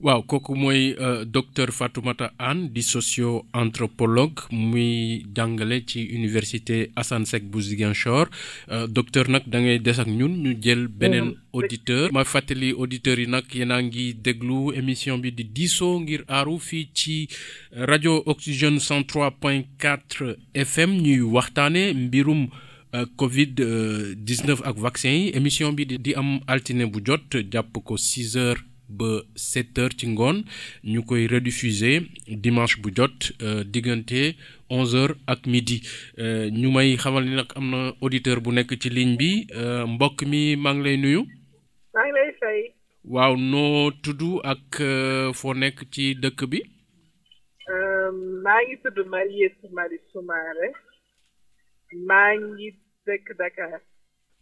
waaw kooku mooy euh, docteur Fatoumata Anne di socio anthropologue muy jàngale ci université Assane Seck bu Ziguinchor euh, docteur nag da ngay des ak ñun ñu jël beneen mm-hmm. auditeur ma fàttali auditeurs yi nag yéen a ngi déglu émission bi di diisoo ngir aaru fii ci rajo Oxygène 103 point 4 FM ñuy waxtaane mbirum. Euh, Covid 19 euh, ak vaccin yi émission bi di am altine bu jot jàpp ko six ba sept heures ci ngoon ñu koy rediffuser dimanche bu jot euh, diggante onze ak midi ñu may xamal ni nag am na auditeur bu nekk ci ligne bi mbokk mi maa ngi lay nuyu. waaw noo tudd ak foo nekk ci dëkk bi.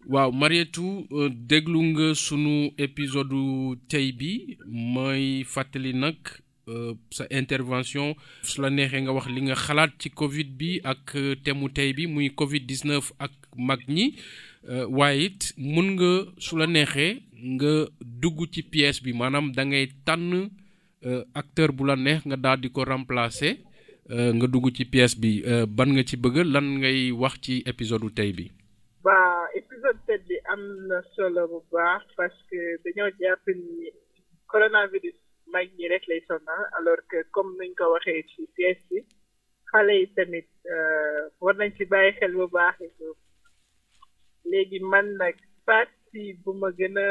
waaw Marietou euh, déglu nga sunu épisode tey bi mooy fàttali nag euh, sa intervention su la neexee nga wax li nga xalaat ci Covid bi ak euh, temu tey bi muy Covid 19 ak mag ñi waaye it mun nga su la neexee nga dugg ci pièce bi maanaam da ngay tànn acteur bu la neex nga daal di ko remplacer. euh, nga dugg ci pièce bi euh, ban nga ci bëgg lan ngay wax ci épisode tey bi. waaw épisode tey bi am na solo bu baax parce que dañoo jàpp ni coronavirus mag ñi rek lay sonal alors que comme nañ ko waxee ci pièce bi xale yi tamit euh, war nañ ci bàyyi xel bu baax léegi man nag partie bu ma gën a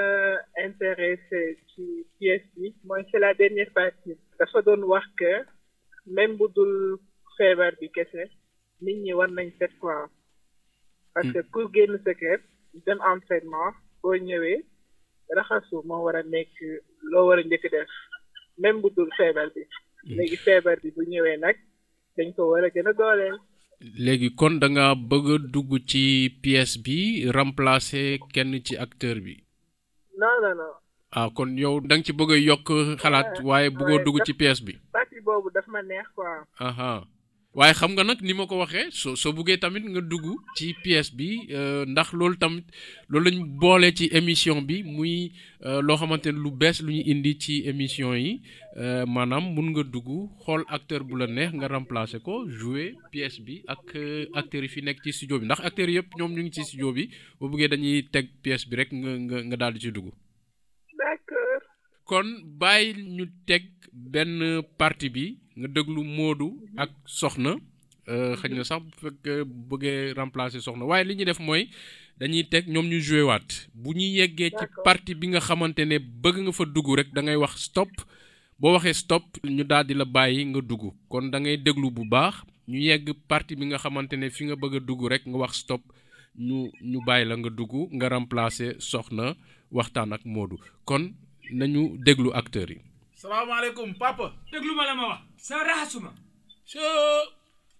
intéressé ci pièce bi mooy c'est la dernière partie dafa doon wax que. même bu dul feebar bi kese nit ñi war nañ set quoi. parce que mm. pour génn sa kër dem entraînement boo ñëwee raxasu moo war a nekk loo war a njëkk def même bu dul feebar bi. Mm. léegi feebar bi bu ñëwee nag dañ ko war a gën a dooleel. léegi kon da nga bëgg dugg ci pièce bi remplacer kenn ci acteur bi. non non non. ah kon yow da ci bëgg a yokk xalaat ah, waaye bëggoo dugg ci pièce bi. partie boobu daf ma neex quoi. waaye xam nga nag ni ma ko waxee soo soo buggee tamit nga dugg ci pièce bi euh, ndax loolu tamit loolu lañu boolee ci émission bi muy euh, loo xamante ne lu bees lu ñu indi ci émission yi euh, maanaam mun nga dugg xool acteur bu la neex nga remplacer ko joue pièce bi ak acteurs yi fi nekk ci studio bi ndax acteurs yëpp ñoom ñu ngi ci studio bi bu buggee dañuy teg pièce bi rek nga nga nga daal di ci dugg. kon bàyyi ñu teg. benn partie bi nga déglu Moodu ak Soxna euh, xëy na sax bu fekkee bëggee remplacer Soxna waaye li ñuy def mooy dañuy teg ñoom joué waat bu ñuy yeggee ci partie bi nga xamante ne bëgg nga fa dugg rek da ngay wax stop boo waxee stop ñu daal di la bàyyi nga dugg kon da ngay déglu bu baax ñu yegg partie bi nga xamante ne fi nga bëgg a dugg rek nga wax stop ñu ñu bàyyi la nga dugg nga remplacer Soxna waxtaan ak Moodu kon nañu déglu acteurs yi. salaamaaleykum papa. déglu ma la ma wax. sa raxasu ma. je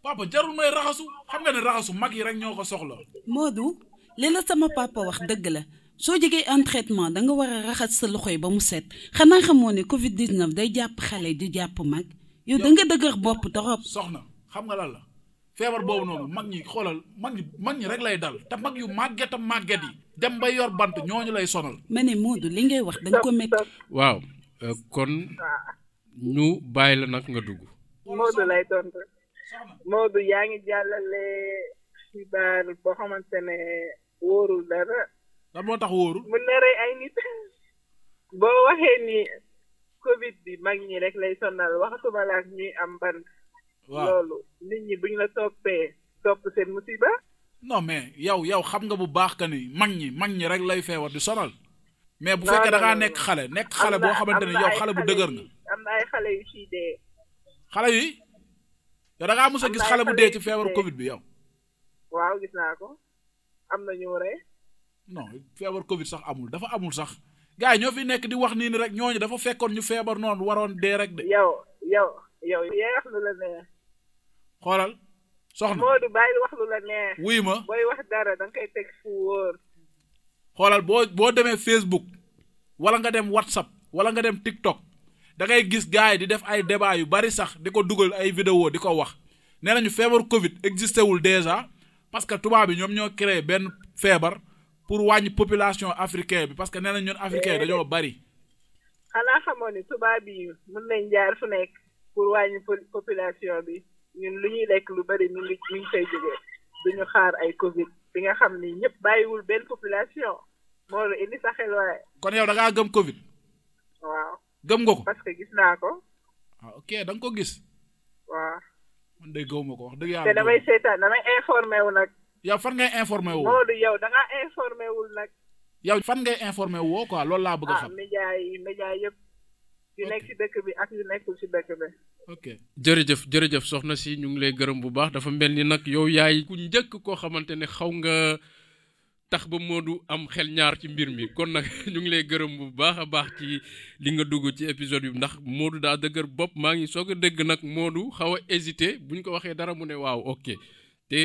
papa jarul may raxasu xam nga ne raxasu mag yi rek ñoo ko soxla. Modou li la sama papa wax dëgg la soo jegee un traitement da nga war a raxas sa loxo yi ba mu set xanaa xamoo ne Covid 19 day jàpp xale di jàpp mag. yow da nga dëgër bopp torop. soxna xam nga lan la feebar boobu noonu mag ñi xoolal mag ñi mag ñi rek lay dal te mag yu màggetam màgget yi dem ba yor bant ñooñu lay sonal. ma ne Modou ngay wax da ko métti. waaw. Euh, kon ñu bàyyi la nag nga dugg. Modou lay tontu Modou yaa ngi jàllale xibaar boo xamante ne wóorul dara. lan moo tax wóorul. mu nare ay nit boo waxee ni Covid bi mag ñi rek lay sonal waxatuma la ñuy am ban. waaw loolu nit ñi buñ la toppee topp seen musiba. non mais yow yow xam nga bu baax que ni mag ñi mag ñi rek lay feebar di sonal. mais bu fekkee da nekk xale nekk xale boo xamante ne yow xale bu dëgër nga. am na ay xale yu ciy dee. xale yi. yow da ngaa mos a gis xale bu dee ci feebaru Covid bi yow. waaw gis naa ko. am na ñu rey. non feebar Covid sax amul dafa amul sax. gars ñoo fi nekk di wax nii ni rek ñooñu dafa fekkoon ñu feebar noonu waroon dee rek de. yow yow yow xoolal. soxna Modou bàyyi wax ma booy wax dara da koy teg fu wóor. xoolal boo boo demee Facebook wala nga dem whatsapp wala nga dem tiktok da ngay gis gars yi di def ay débat yu bari sax di ko dugal ay video di ko wax nee nañu feebar Covid existé wul déjà parce que tubaab bi ñoom ñoo créé benn feebar pour wàññi population africain bi parce que nee nañ ñun africain dañoo bari. xanaa xamoon ni tubaab yi mën nañ jaar fu nekk pour wàññi population bi ñun lu ñuy lekk lu bari ñu ngi ñu ngi fay jógee duñu xaar ay Covid bi nga xam ni ñëpp bàyyiwul benn population. moo la indi sa xel waaye. kon yow da gëm Covid. waaw gëm nga ko. parce gis naa ko. ah ok da ko gis. waaw. man de gëw ko wax dëgg yàlla. te damay seetaan damay informé wu nag. yow fan ngay informé wu. Modou yow da yow fan ngay informé woo quoi loolu laa bëgg a ah, xam. ah média yi média yëpp. yu nekk si dëkk bi ak yu nekkul si dëkk bi. ok jërëjëf jërëjëf soxna si ñu ngi lay gërëm bu baax dafa mel ni nag yow yaay ku njëkk koo xamante ni xaw nga. tax ba du am xel ñaar ci mbir mi kon nag ñu ngi lay gërëm bu baax a baax ci li nga dugg ci épisode bi ndax moo du daa dëgër bopp maa ngi soog a dégg nag Modou xaw a hésité bu ñu ko waxee dara mu ne waaw ok te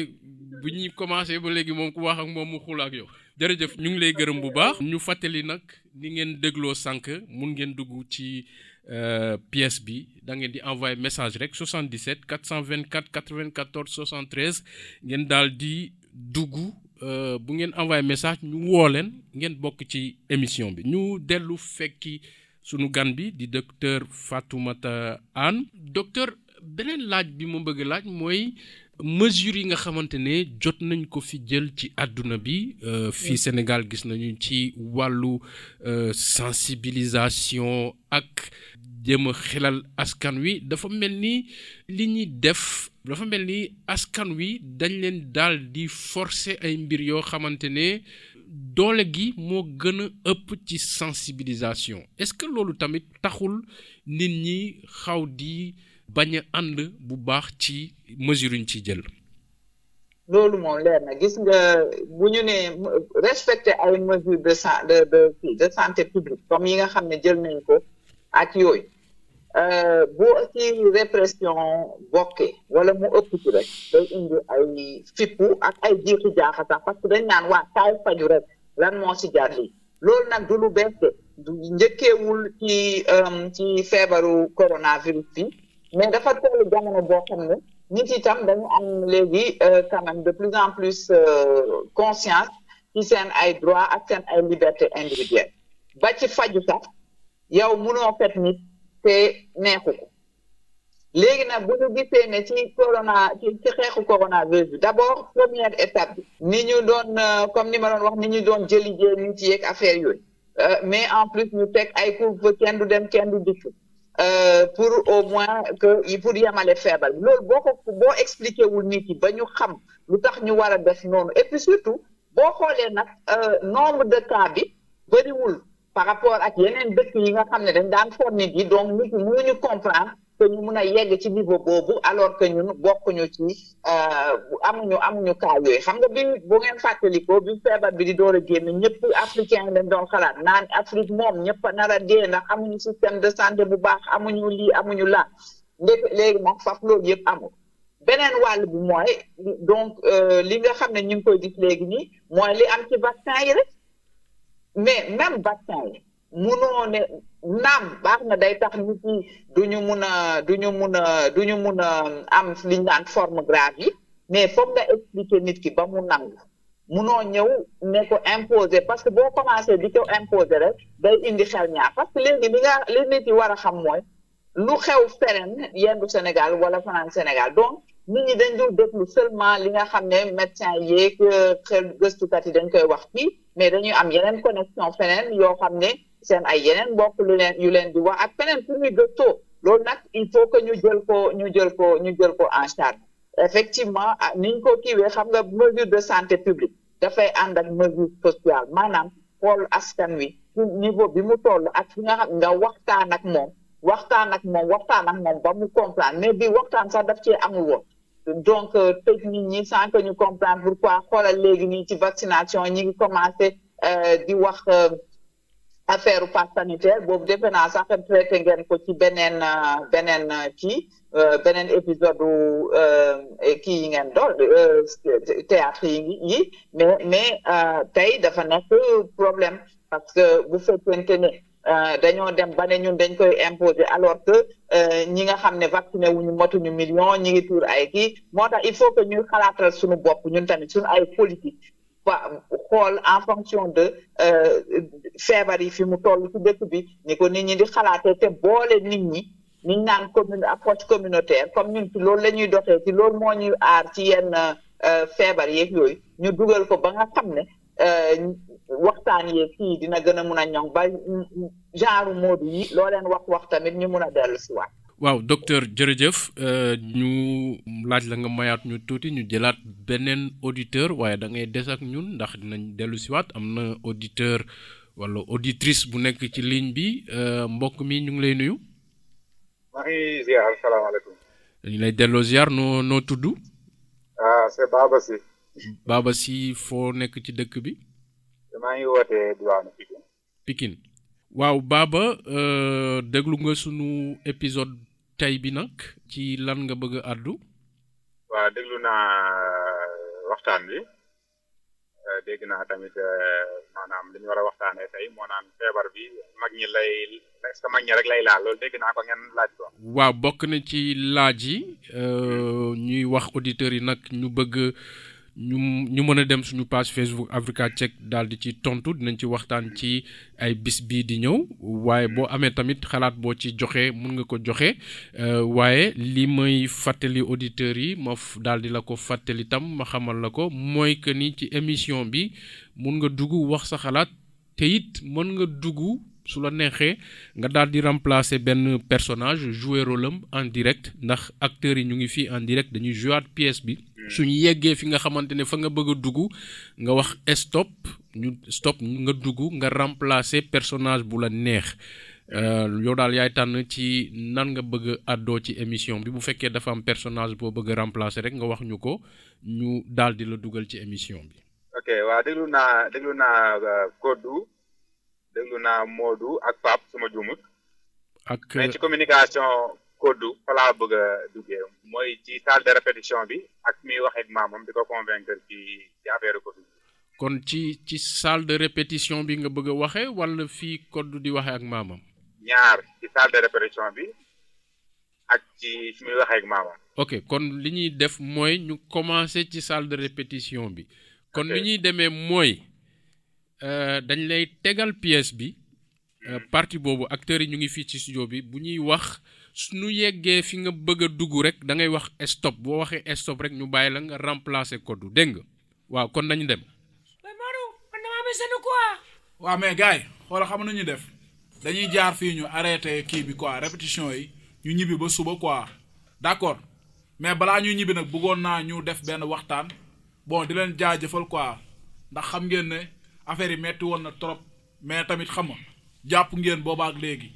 bu ñuy commencé ba léegi moom ku wax ak moom mu xul ak yow. jërëjëf ñu ngi lay gërëm bu baax. ñu fàttali nag ni ngeen dégloo sànq mun ngeen dugg ci euh, pièce bi da ngeen di envoyé message rek 77 424 94 73 ngeen daal di dugg. euh, bu ngeen envoyé message ñu woo leen ngeen bokk ci émission bi ñu dellu fekki sunu gan bi di docteur Fatoumata Anne docteur beneen laaj bi ma bëgg laaj mooy mesures yi nga xamante ne jot nañ ko fi jël ci àdduna bi euh, fii Sénégal gis nañu ci wàllu euh, ak jéem a xelal askan wi dafa mel ni li ñuy def dafa mel ni askan wi dañ leen daal di forcer ay mbir yoo xamante ne doole gi moo gën a ëpp ci sensibilisation est-ce que loolu tamit taxul nit ñi xaw di bañ a ànd bu baax ci mesure yuñ ci jël. loolu moom leer na gis nga bu ñu nee respecter ay mesures de santé publique comme yi nga xam ne jël nañ ko ak yooyu. Euh, boo ci répression bokkee wala mu ëpp ci rek day indi ay fippu ak ay jiitu jaaxa sax parce que dañ naan waa kaay faju rek lan moo ci jaar lii loolu nag du lu bees du njëkkeewul ci euh, ci feebaru coronavirus bi mais dafa toll jamono boo xam ne nit itam dañu am léegi euh, quand même de plus en plus conscience ci seen ay droit ak seen ay liberté individuelle ba ci faju sax yow mënoo fet nit te neexu léegi nag bu ñu gisee ne ci corona ci xeexu coronavirus bi d' abord première étape bi ni ñu doon euh, comme ni ma doon wax ni ñu doon jëli jël ñu ci yeeg affaire yooyu euh, mais en plus ñu teg ay couvre kenn du dem kenn du dikk euh, pour au moins que pour yemale feebal bi loolu boo ko boo expliqué wul nit yi ba ñu xam lu tax ñu war a def noonu et puis surtout boo xoolee nag nombre de cas bi bëriwul par rapport ak yeneen dëkk yi nga xam ne dañ daan for nit yi donc nit ñi mënuñu comprendre que ñu mun a yegg ci niveau boobu alors que ñun bokkuñu ci euh, amuñu amuñu cas xam nga bi bu ngeen fàttalikoo bi feebar bi di door a génn ñëpp africain yi lañ doon xalaat naan Afrique moom ñëpp a nar a dee ndax amuñu système de santé bu baax amuñu lii amuñu la léegi léegi nag faf loolu yëpp amul beneen wàll bi mooy donc euh, li nga xam ne ñu ngi koy gis léegi nii mooy li am ci vaccin mais même vaccin munoo ne naam baax na day tax nit ñi du ñu mun a du ñu mun a du ñu mun a am li ñu naan forme grave yi mais foog nga expliquer nit ki ba mu nangu munoo ñëw ne ko imposer parce que boo commencé di ko imposer rek day indi xel ñaar parce que léegi li nga li nit yi war a xam mooy lu xew feneen yendu Sénégal wala fanaan Sénégal donc nit ñi dañ dul déglu seulement li nga xam ne médecin yeeg euh, xel gëstukat yi dañ koy wax fii mais dañuy am yeneen connexion feneen yoo xam ne seen ay yeneen mbokk lu leen yu leen di wax ak feneen pour ñu gëstoo loolu nag il faut que ñu jël ko ñu jël ko ñu jël ko en charge effectivement ah, ni ñu ko kiiwee xam nga mesure de santé publique dafay ànd ak mesure sociale maanaam xool askan wi niveau bi mu toll ak fi nga xam nga waxtaan ak moom waxtaan ak moom waxtaan ak moom ba mu comprendre mais bi waxtaan sax daf cee amul woon donc euh, tëj nit ñi sans ñu comprendre pourquoi xoolal léegi nii ci vaccination ñi ngi commencé euh, di wax euh, affaire pass sanitaire boobu defe naa sax traité ngeen ko ci beneen beneen kii beneen épisode kii yi ngeen dool théâtre yi yi mais mais tey dafa nekk problème parce que bu fekkente ne Euh, dañoo dem ba ne ñun dañ koy imposer alors que euh, ñi nga xam ne vacciné wuñu motuñu million ñi ngi tuur ay kii moo tax il faut que ñuy xalaatal suñu bopp ñun tamit suñu ay politique ba xool en fonction de euh, feebar yi fi mu toll ci dëkk bi ni ko nit ñi di xalaatee te boole nit ñi niñ naan commune approche communautaire comme ñun ci loolu la ñuy doxee ci loolu moo ñuy aar ci yenn feebar yeeg yooyu ñu dugal ko ba nga xam ne Euh, waxtaan yee kii dina gën a mun a ñoŋ ba genre moodu yi loo wax wax tamit ñu mun a dellu si waat waaw docteur jërëjëf euh, ñu laaj la nga mayaat ñu tuuti ñu jëlaat beneen auditeur waaye da ngay des ak ñun ndax dinañ dellu si waat am na auditeur wala auditrice bu nekk ci ligne bi euh, mbokk mi ñu ngi lay nuyu. maa ngi ziar salaamaaleykum. dañu lay delloo ziar noo noo tudd. Ah, Baba si foo nekk ci dëkk bi. maa ngi wootee diwaanu Pikine. waaw baaba euh, déglu nga sunu épisode tey bi nag ci lan nga bëgg a àddu. waaw déglu naa euh, waxtaan bi euh, dégg naa tamit maanaam li ñu war a waxtaanee tey moo naan feebar bi mag ñi lay est-ce lay laal loolu dégg naa ko ngeen laaj ko. waaw bokk na ci laaj yi ñuy wax auditeurs yi nag ñu bëgg. ñu ñu mën a dem suñu page Facebook Africa Check daal di ci tontu dinañ ci waxtaan ci ay bis bii di ñëw waaye boo amee tamit xalaat boo ci joxee mun nga ko joxe euh, waaye li may fàttali auditeurs yi ma daal di la ko fàttali tam ma xamal la ko mooy que ni ci émission bi mun nga dugg wax sa xalaat te it mën nga duggu su la neexee nga daal di remplacer benn personnage jouer rôle am en direct ndax acteurs yi ñu ngi fii en direct dañuy jouer pièce bi suñu yeggee fi nga xamante ne fa nga bëgg a dugg nga wax stop ñu nga dugg nga remplacer personnage bu la neex euh, yow daal yaay tànn ci nan nga bëgg àddoo ci émission bi bu fekkee dafa am personnage boo bëgg a remplacer rek nga wax ñu ko ñu daal di la dugal ci émission bi. ok waaw déglu naa déglu naa euh, Kodou déglu naa Modou ak Pape suma juumut. ak mais ci communication. koddu fa laa bëgg a duggee mooy ci salle de répétition bi ak muy waxee ak maamam di ko convaincre ci ci affaire Covid kon ci ci salle de répétition bi nga bëgg a waxee wala fii koddu di waxe ak maamam. ñaar ci salle de répétition bi ak ci muy waxee ak maamam. ok kon li ñuy def mooy ñu commencer ci salle de répétition bi. kon li ñuy demee mooy euh, dañ lay tegal pièce bi. Euh, hmm. partie boobu acteurs yi ñu ngi fii ci studio bi bu ñuy wax. nu yeggee fi nga bëgg a dugg rek da ngay wax stop boo waxee stop rek ñu bàyyi la nga remplacer koddu dégg nga waaw kon nañu dem. mais Maodo man damaa amee seen xam nañu def dañuy jaar fii ñu arrêté kii bi quoi répétition yi ñu ñibbi ba suba quoi d'accord mais balaa ñu ñibbi nag bëggoon naa ñu def benn waxtaan bon di leen jaajëfal quoi ndax xam ngeen ne affaire yi metti woon na trop mais tamit xam nga jàpp ngeen boobaak léegi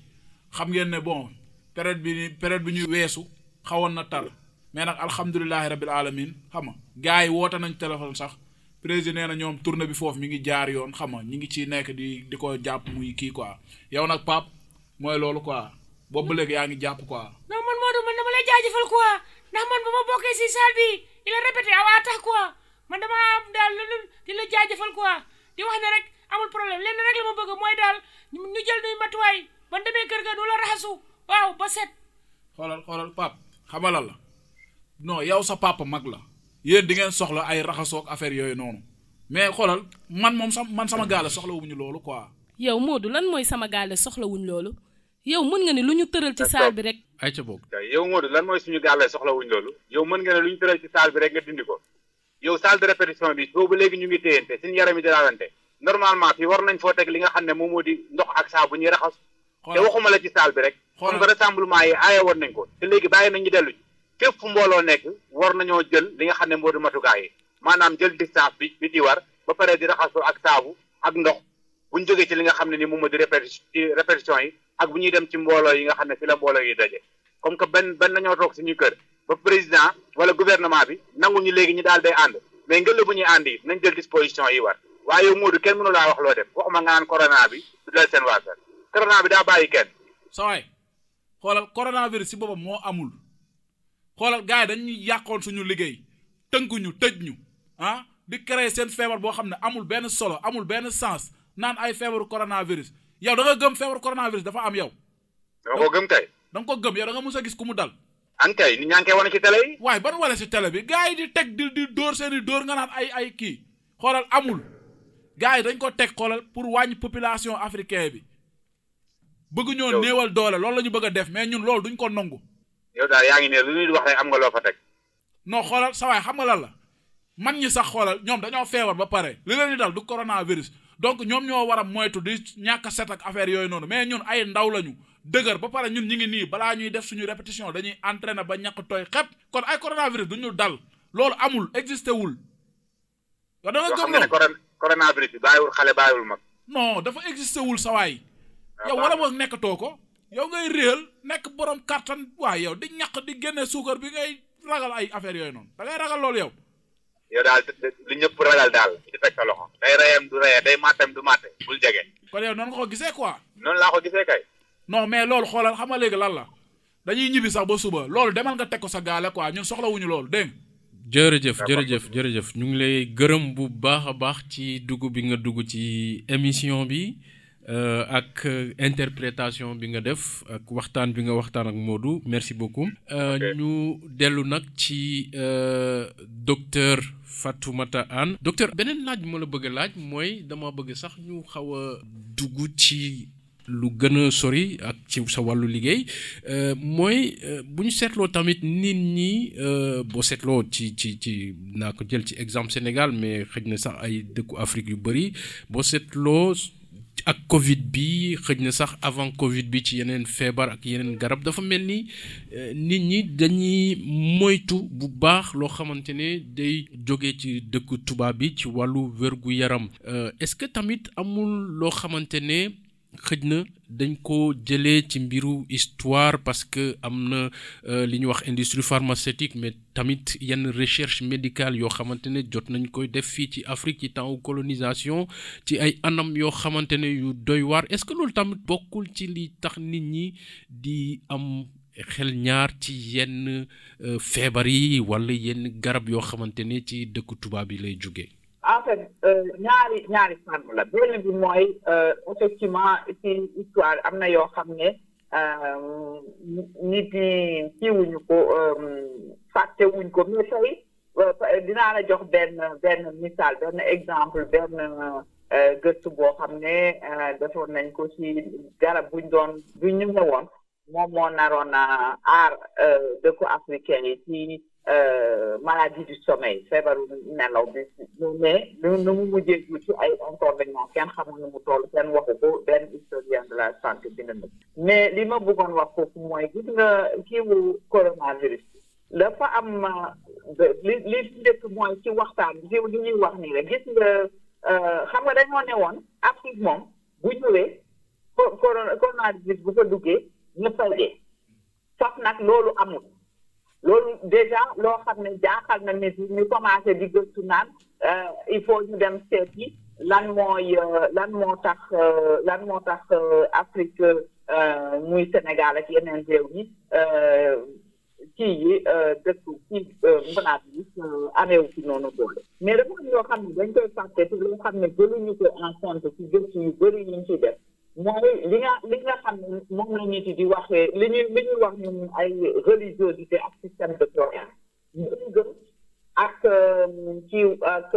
xam ngeen ne bon. période bi période bi ñuy weesu xawoon na tar mais nag alhamdulilahi rabil alamin xam nga gars yi woote nañ téléphone sax président nee na ñoom tournée bi foofu mi ngi jaar yoon xam nga ñi ngi ciy nekk di di ko jàpp muy kii quoi yow nag Pape mooy loolu quoi boobu léegi yaa ngi jàpp ko non ndax man ba ma man dama am daal lu di di wax ne rek amul problème lenn rek la ma bëgg mooy daal ñu jël nuy matuwaay ban demee kër ga du la raxasu waaw ba set. xoolal xoolal pap xamala la non yow sa papa mag la yéen di ngeen soxla ay raxasoog affaire yooyu noonu mais xoolal man moom sam man sama gaale soxlawuñu loolu quoi. yow Modou lan mooy sama gaale soxlawuñ loolu yow mën nga ni lu ñu tëral ci saal bi rek. ay ca boog moo Modou lan mooy suñu soxla wuñ loolu. yow mën nga ne lu ñu tëral ci saal bi rek nga dindi ko yow salle de répétition bi boobu léegi ñu ngi téyante seen yaram yi di normalement fii war nañ foo teg li nga xam ne moom moo di ndox ak saa bu ñuy raxas. te waxuma la ci saal bi rek. xool nga rassemblement yi aaye woon nañ ko te léegi bàyyi nañu delluñu fépp fu mbooloo nekk war nañoo jël li nga xam ne moo di matukaay yi maanaam jël distance bi bi di war ba pare di raxasoo ak saabu ak ndox bu ñu jógee ci li nga xam ne ni moom moo di répétition yi ak bu ñuy dem ci mbooloo yi nga xam ne fi la mbooloo yi daje comme que benn benn nañoo toog suñu kër ba président wala gouvernement bi nangu ñu léegi ñu daal day ànd mais ngël bu ñuy ànd yi nañ jël disposition yi war waaye yow Modou kenn mënu laa wax loo def waxuma nga bi du dal seen waa bi daa bàyyi kenn xoolal coronavirus si boppam moo amul xoolal gars yi dañuy yàqoon suñu liggéey tënkuñu tëj ñu ah di créer seen feebar boo xam ne amul benn solo amul benn sens naan ay feebaru coronavirus yow da nga gëm feebaru coronavirus dafa am yow. da nga ko gëm kay. da ko gëm yow da nga mus a gis ku mu dal. an kay ni ñaa ngi wane ci télé yi. waaye ban wane ci tele bi gars yi di teg di di dóor seen dóor nga naan ay ay kii xoolal amul gars yi dañ ko teg xoolal pour wàññi population africaine bi. bëgg ñoo néewal doole loolu la ñu bëgg def mais ñun loolu duñ ko nangu. yow daal yaa ngi ne lu wax rek am nga loo fa xoolal sa xam nga lan la man ñi sax xoolal ñoom dañoo feebar ba pare li leen di dal du coronavirus donc ñoom ñoo war a moytu di ñàkk set ak affaire yooyu noonu mais ñun ay ndaw lañu dëgër ba pare ñun ñi ngi nii balaa ñuy def suñu répétition dañuy entraîné ba ñàkk tooy xepp kon ay coronavirus du ñu dal loolu amul existé wul. yow da nga gëm loolu coronavirus bi xale bàyyiwul mag. non dafa existé wul sa waay yow wala boog nekkatoo ko yow ngay réel nekk boroom kàttan waaye yow di ñaq di génne suukar bi ngay ragal ay affaire yooyu noonu da ngay ragal loolu yow. yow daal li ñëpp ragal daal di teg loxo. day reyam du reye day maatam du maate bul jege. kon yow noonu nga ko gisee quoi. noonu laa ko gisee kay. non mais loolu xoolal xam nga léegi lan la dañuy ñibbi sax ba suba loolu demal nga teg ko sa gaale quoi ñun soxlawuñu loolu dégg jërëjëf jërëjëf jërëjëf ñu ngi lay gërëm bu baax a baax ci dugg bi nga dugg ci émission bi. Euh, ak euh, interprétation bi nga def ak waxtaan bi nga waxtaan ak moo du merci beaucoup. Euh, ñu dellu nag ci euh, docteur Fatoumata Anne. docteur beneen laaj bi ma la bëgg laaj mooy dama bëgg sax ñu xaw a dugg ci lu gën a sori ak ci sa wàllu liggéey mooy bu ñu seetloo tamit nit ñi boo seetloo ci ci ci naa ko jël ci exemple Sénégal mais xëj na sax ay dëkku Afrique yu bëri boo seetloo. ak Covid bi xëj na sax avant Covid bi ci yeneen feebar ak yeneen garab dafa mel ni euh, nit ñi dañuy moytu bu baax loo xamante ne day jóge ci dëkk tubaab yi ci wàllu wérgu yaram euh, est-ce que tamit amul loo xamante ne. xëj na dañ ko jëlee ci mbiru histoire parce que am na euh, li ñuy wax industrie pharmaceutique mais tamit yenn recherche médicale yoo xamante ne jot nañ koy def fii ci Afrique ci temps colonisation ci ay anam yoo xamante ne yu doy waar est-ce que loolu tamit bokkul ci li tax nit ñi di am xel ñaar ci yenn euh, feebar yi wala yenn garab yoo xamante ne ci dëkk tubaab yi lay jóge en fait euh, ñaari ñaari fànn la benn bi mooy euh, effectivement ci histoire am na yoo xam ne euh, nit ñi kiiwuñu ko fàttewuñ ko mais tey dinaa la jox benn benn misaal benn exemple benn gëstu boo xam ne defoon nañ ko ci garab buñ doon buñ ñu ne woon moom moo naroon aar dëkku africain yi ci Euh, maladie du sommeil feebaru nelaw bi mais nu mu mujjee ci ay intervention kenn xamul nu mu toll kenn waxu ko benn historien de la santé bi na mais li ma bëggoon wax foofu mooy gis nga kiiwu coronavirus dafa am li li njëkk mooy ci waxtaan bi li ñuy wax nii rek gis nga euh, xam nga dañoo ne woon Afrique moom bu ñëwee corona coronavirus bu fa duggee ñëpp a dee nag loolu amul loolu déjà loo xam ne jaaxal na nit ñi ñu commencé di gëstu naan euh, il faut ñu dem seet yi lan mooy euh, lan moo tax euh, lan moo tax Afrique muy Sénégal ak yeneen réew yi kii yi dëkk kii malade yi ameewu ci noonu doole mais dafa am yoo xam ne dañ koy fàtte te loo xam ne jëluñu ko en compte ci gëstu yu bëri yi ñu ciy def mooy li nga li nga xam ne moom la nit yi di waxee li ñuy li ñuy wax ñun ay religiosité ak système de croyance gëm ak euh, ci ak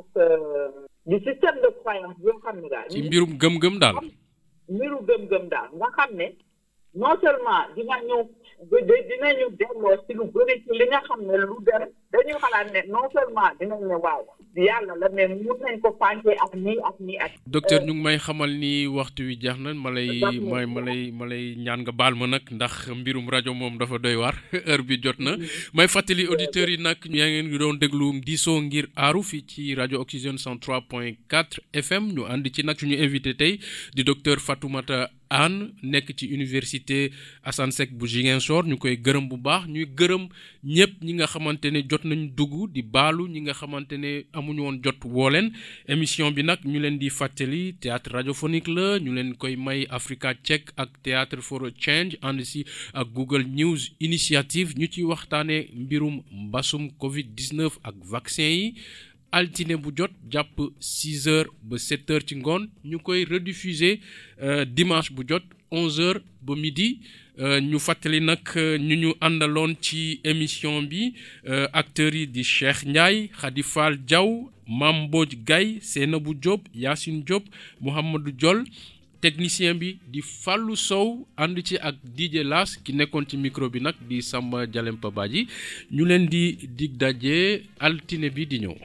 ak euh, di système de croyance yoo xam ne daal. ci gëm-gëm daal. mbiru gëm-gëm daal nga xam ne non seulement dina ñu dina ñu ci lu bëri li nga xam ne lu dem dañuy xalaat ne non seulement dinañ ne waaw yàlla la mais euh, ñu may xamal ni waxtu wi jeex na ma lay may ma lay ma ñaan nga baal ma nag ndax mbirum rajo moom dafa doy war heure bi jot na mm-hmm. may fàttali auditeurs yi nag yaa ngeen ngi doon déglu diisoo ngir aaru fii ci rajo Oxygène 103 point 4 FM ñu ànd ci nag ñu invité tey di docteur Fatoumata. Hann nekk ci université Assane Seck bu Ziguinchor ñu koy gërëm bu baax ñuy gërëm ñëpp ñi nga xamante ne jot nañu dugg di baalu ñi nga xamante ne amuñu woon jot woo leen émission bi nag ñu leen di fàttali théâtre radiophonique la ñu leen koy may Africa Check ak Théâtre for a Change ànd si ak Google News Initiative ñu ci waxtaanee mbirum mbasum Covid 19 ak vaccin yi. altine bu jot jàpp six ba sept ci ngoon ñu koy rediffuser euh, dimanche bu jot onze heures ba midi euh, ñu fàttali nag euh, ñu ñu àndaloon ci émission bi acteurs yi di Cheikh Ndiaye Khady Fall Diaw Mame Mbodj Gaye Seynabou Diop Yacine Diop Mouhamadou Diol technicien bi di Fallou Sow ànd ci ak DJ Las ki nekkoon ci micro bi nag di Samba Jalempa yi ñu leen di dig daje altine bi di ñëw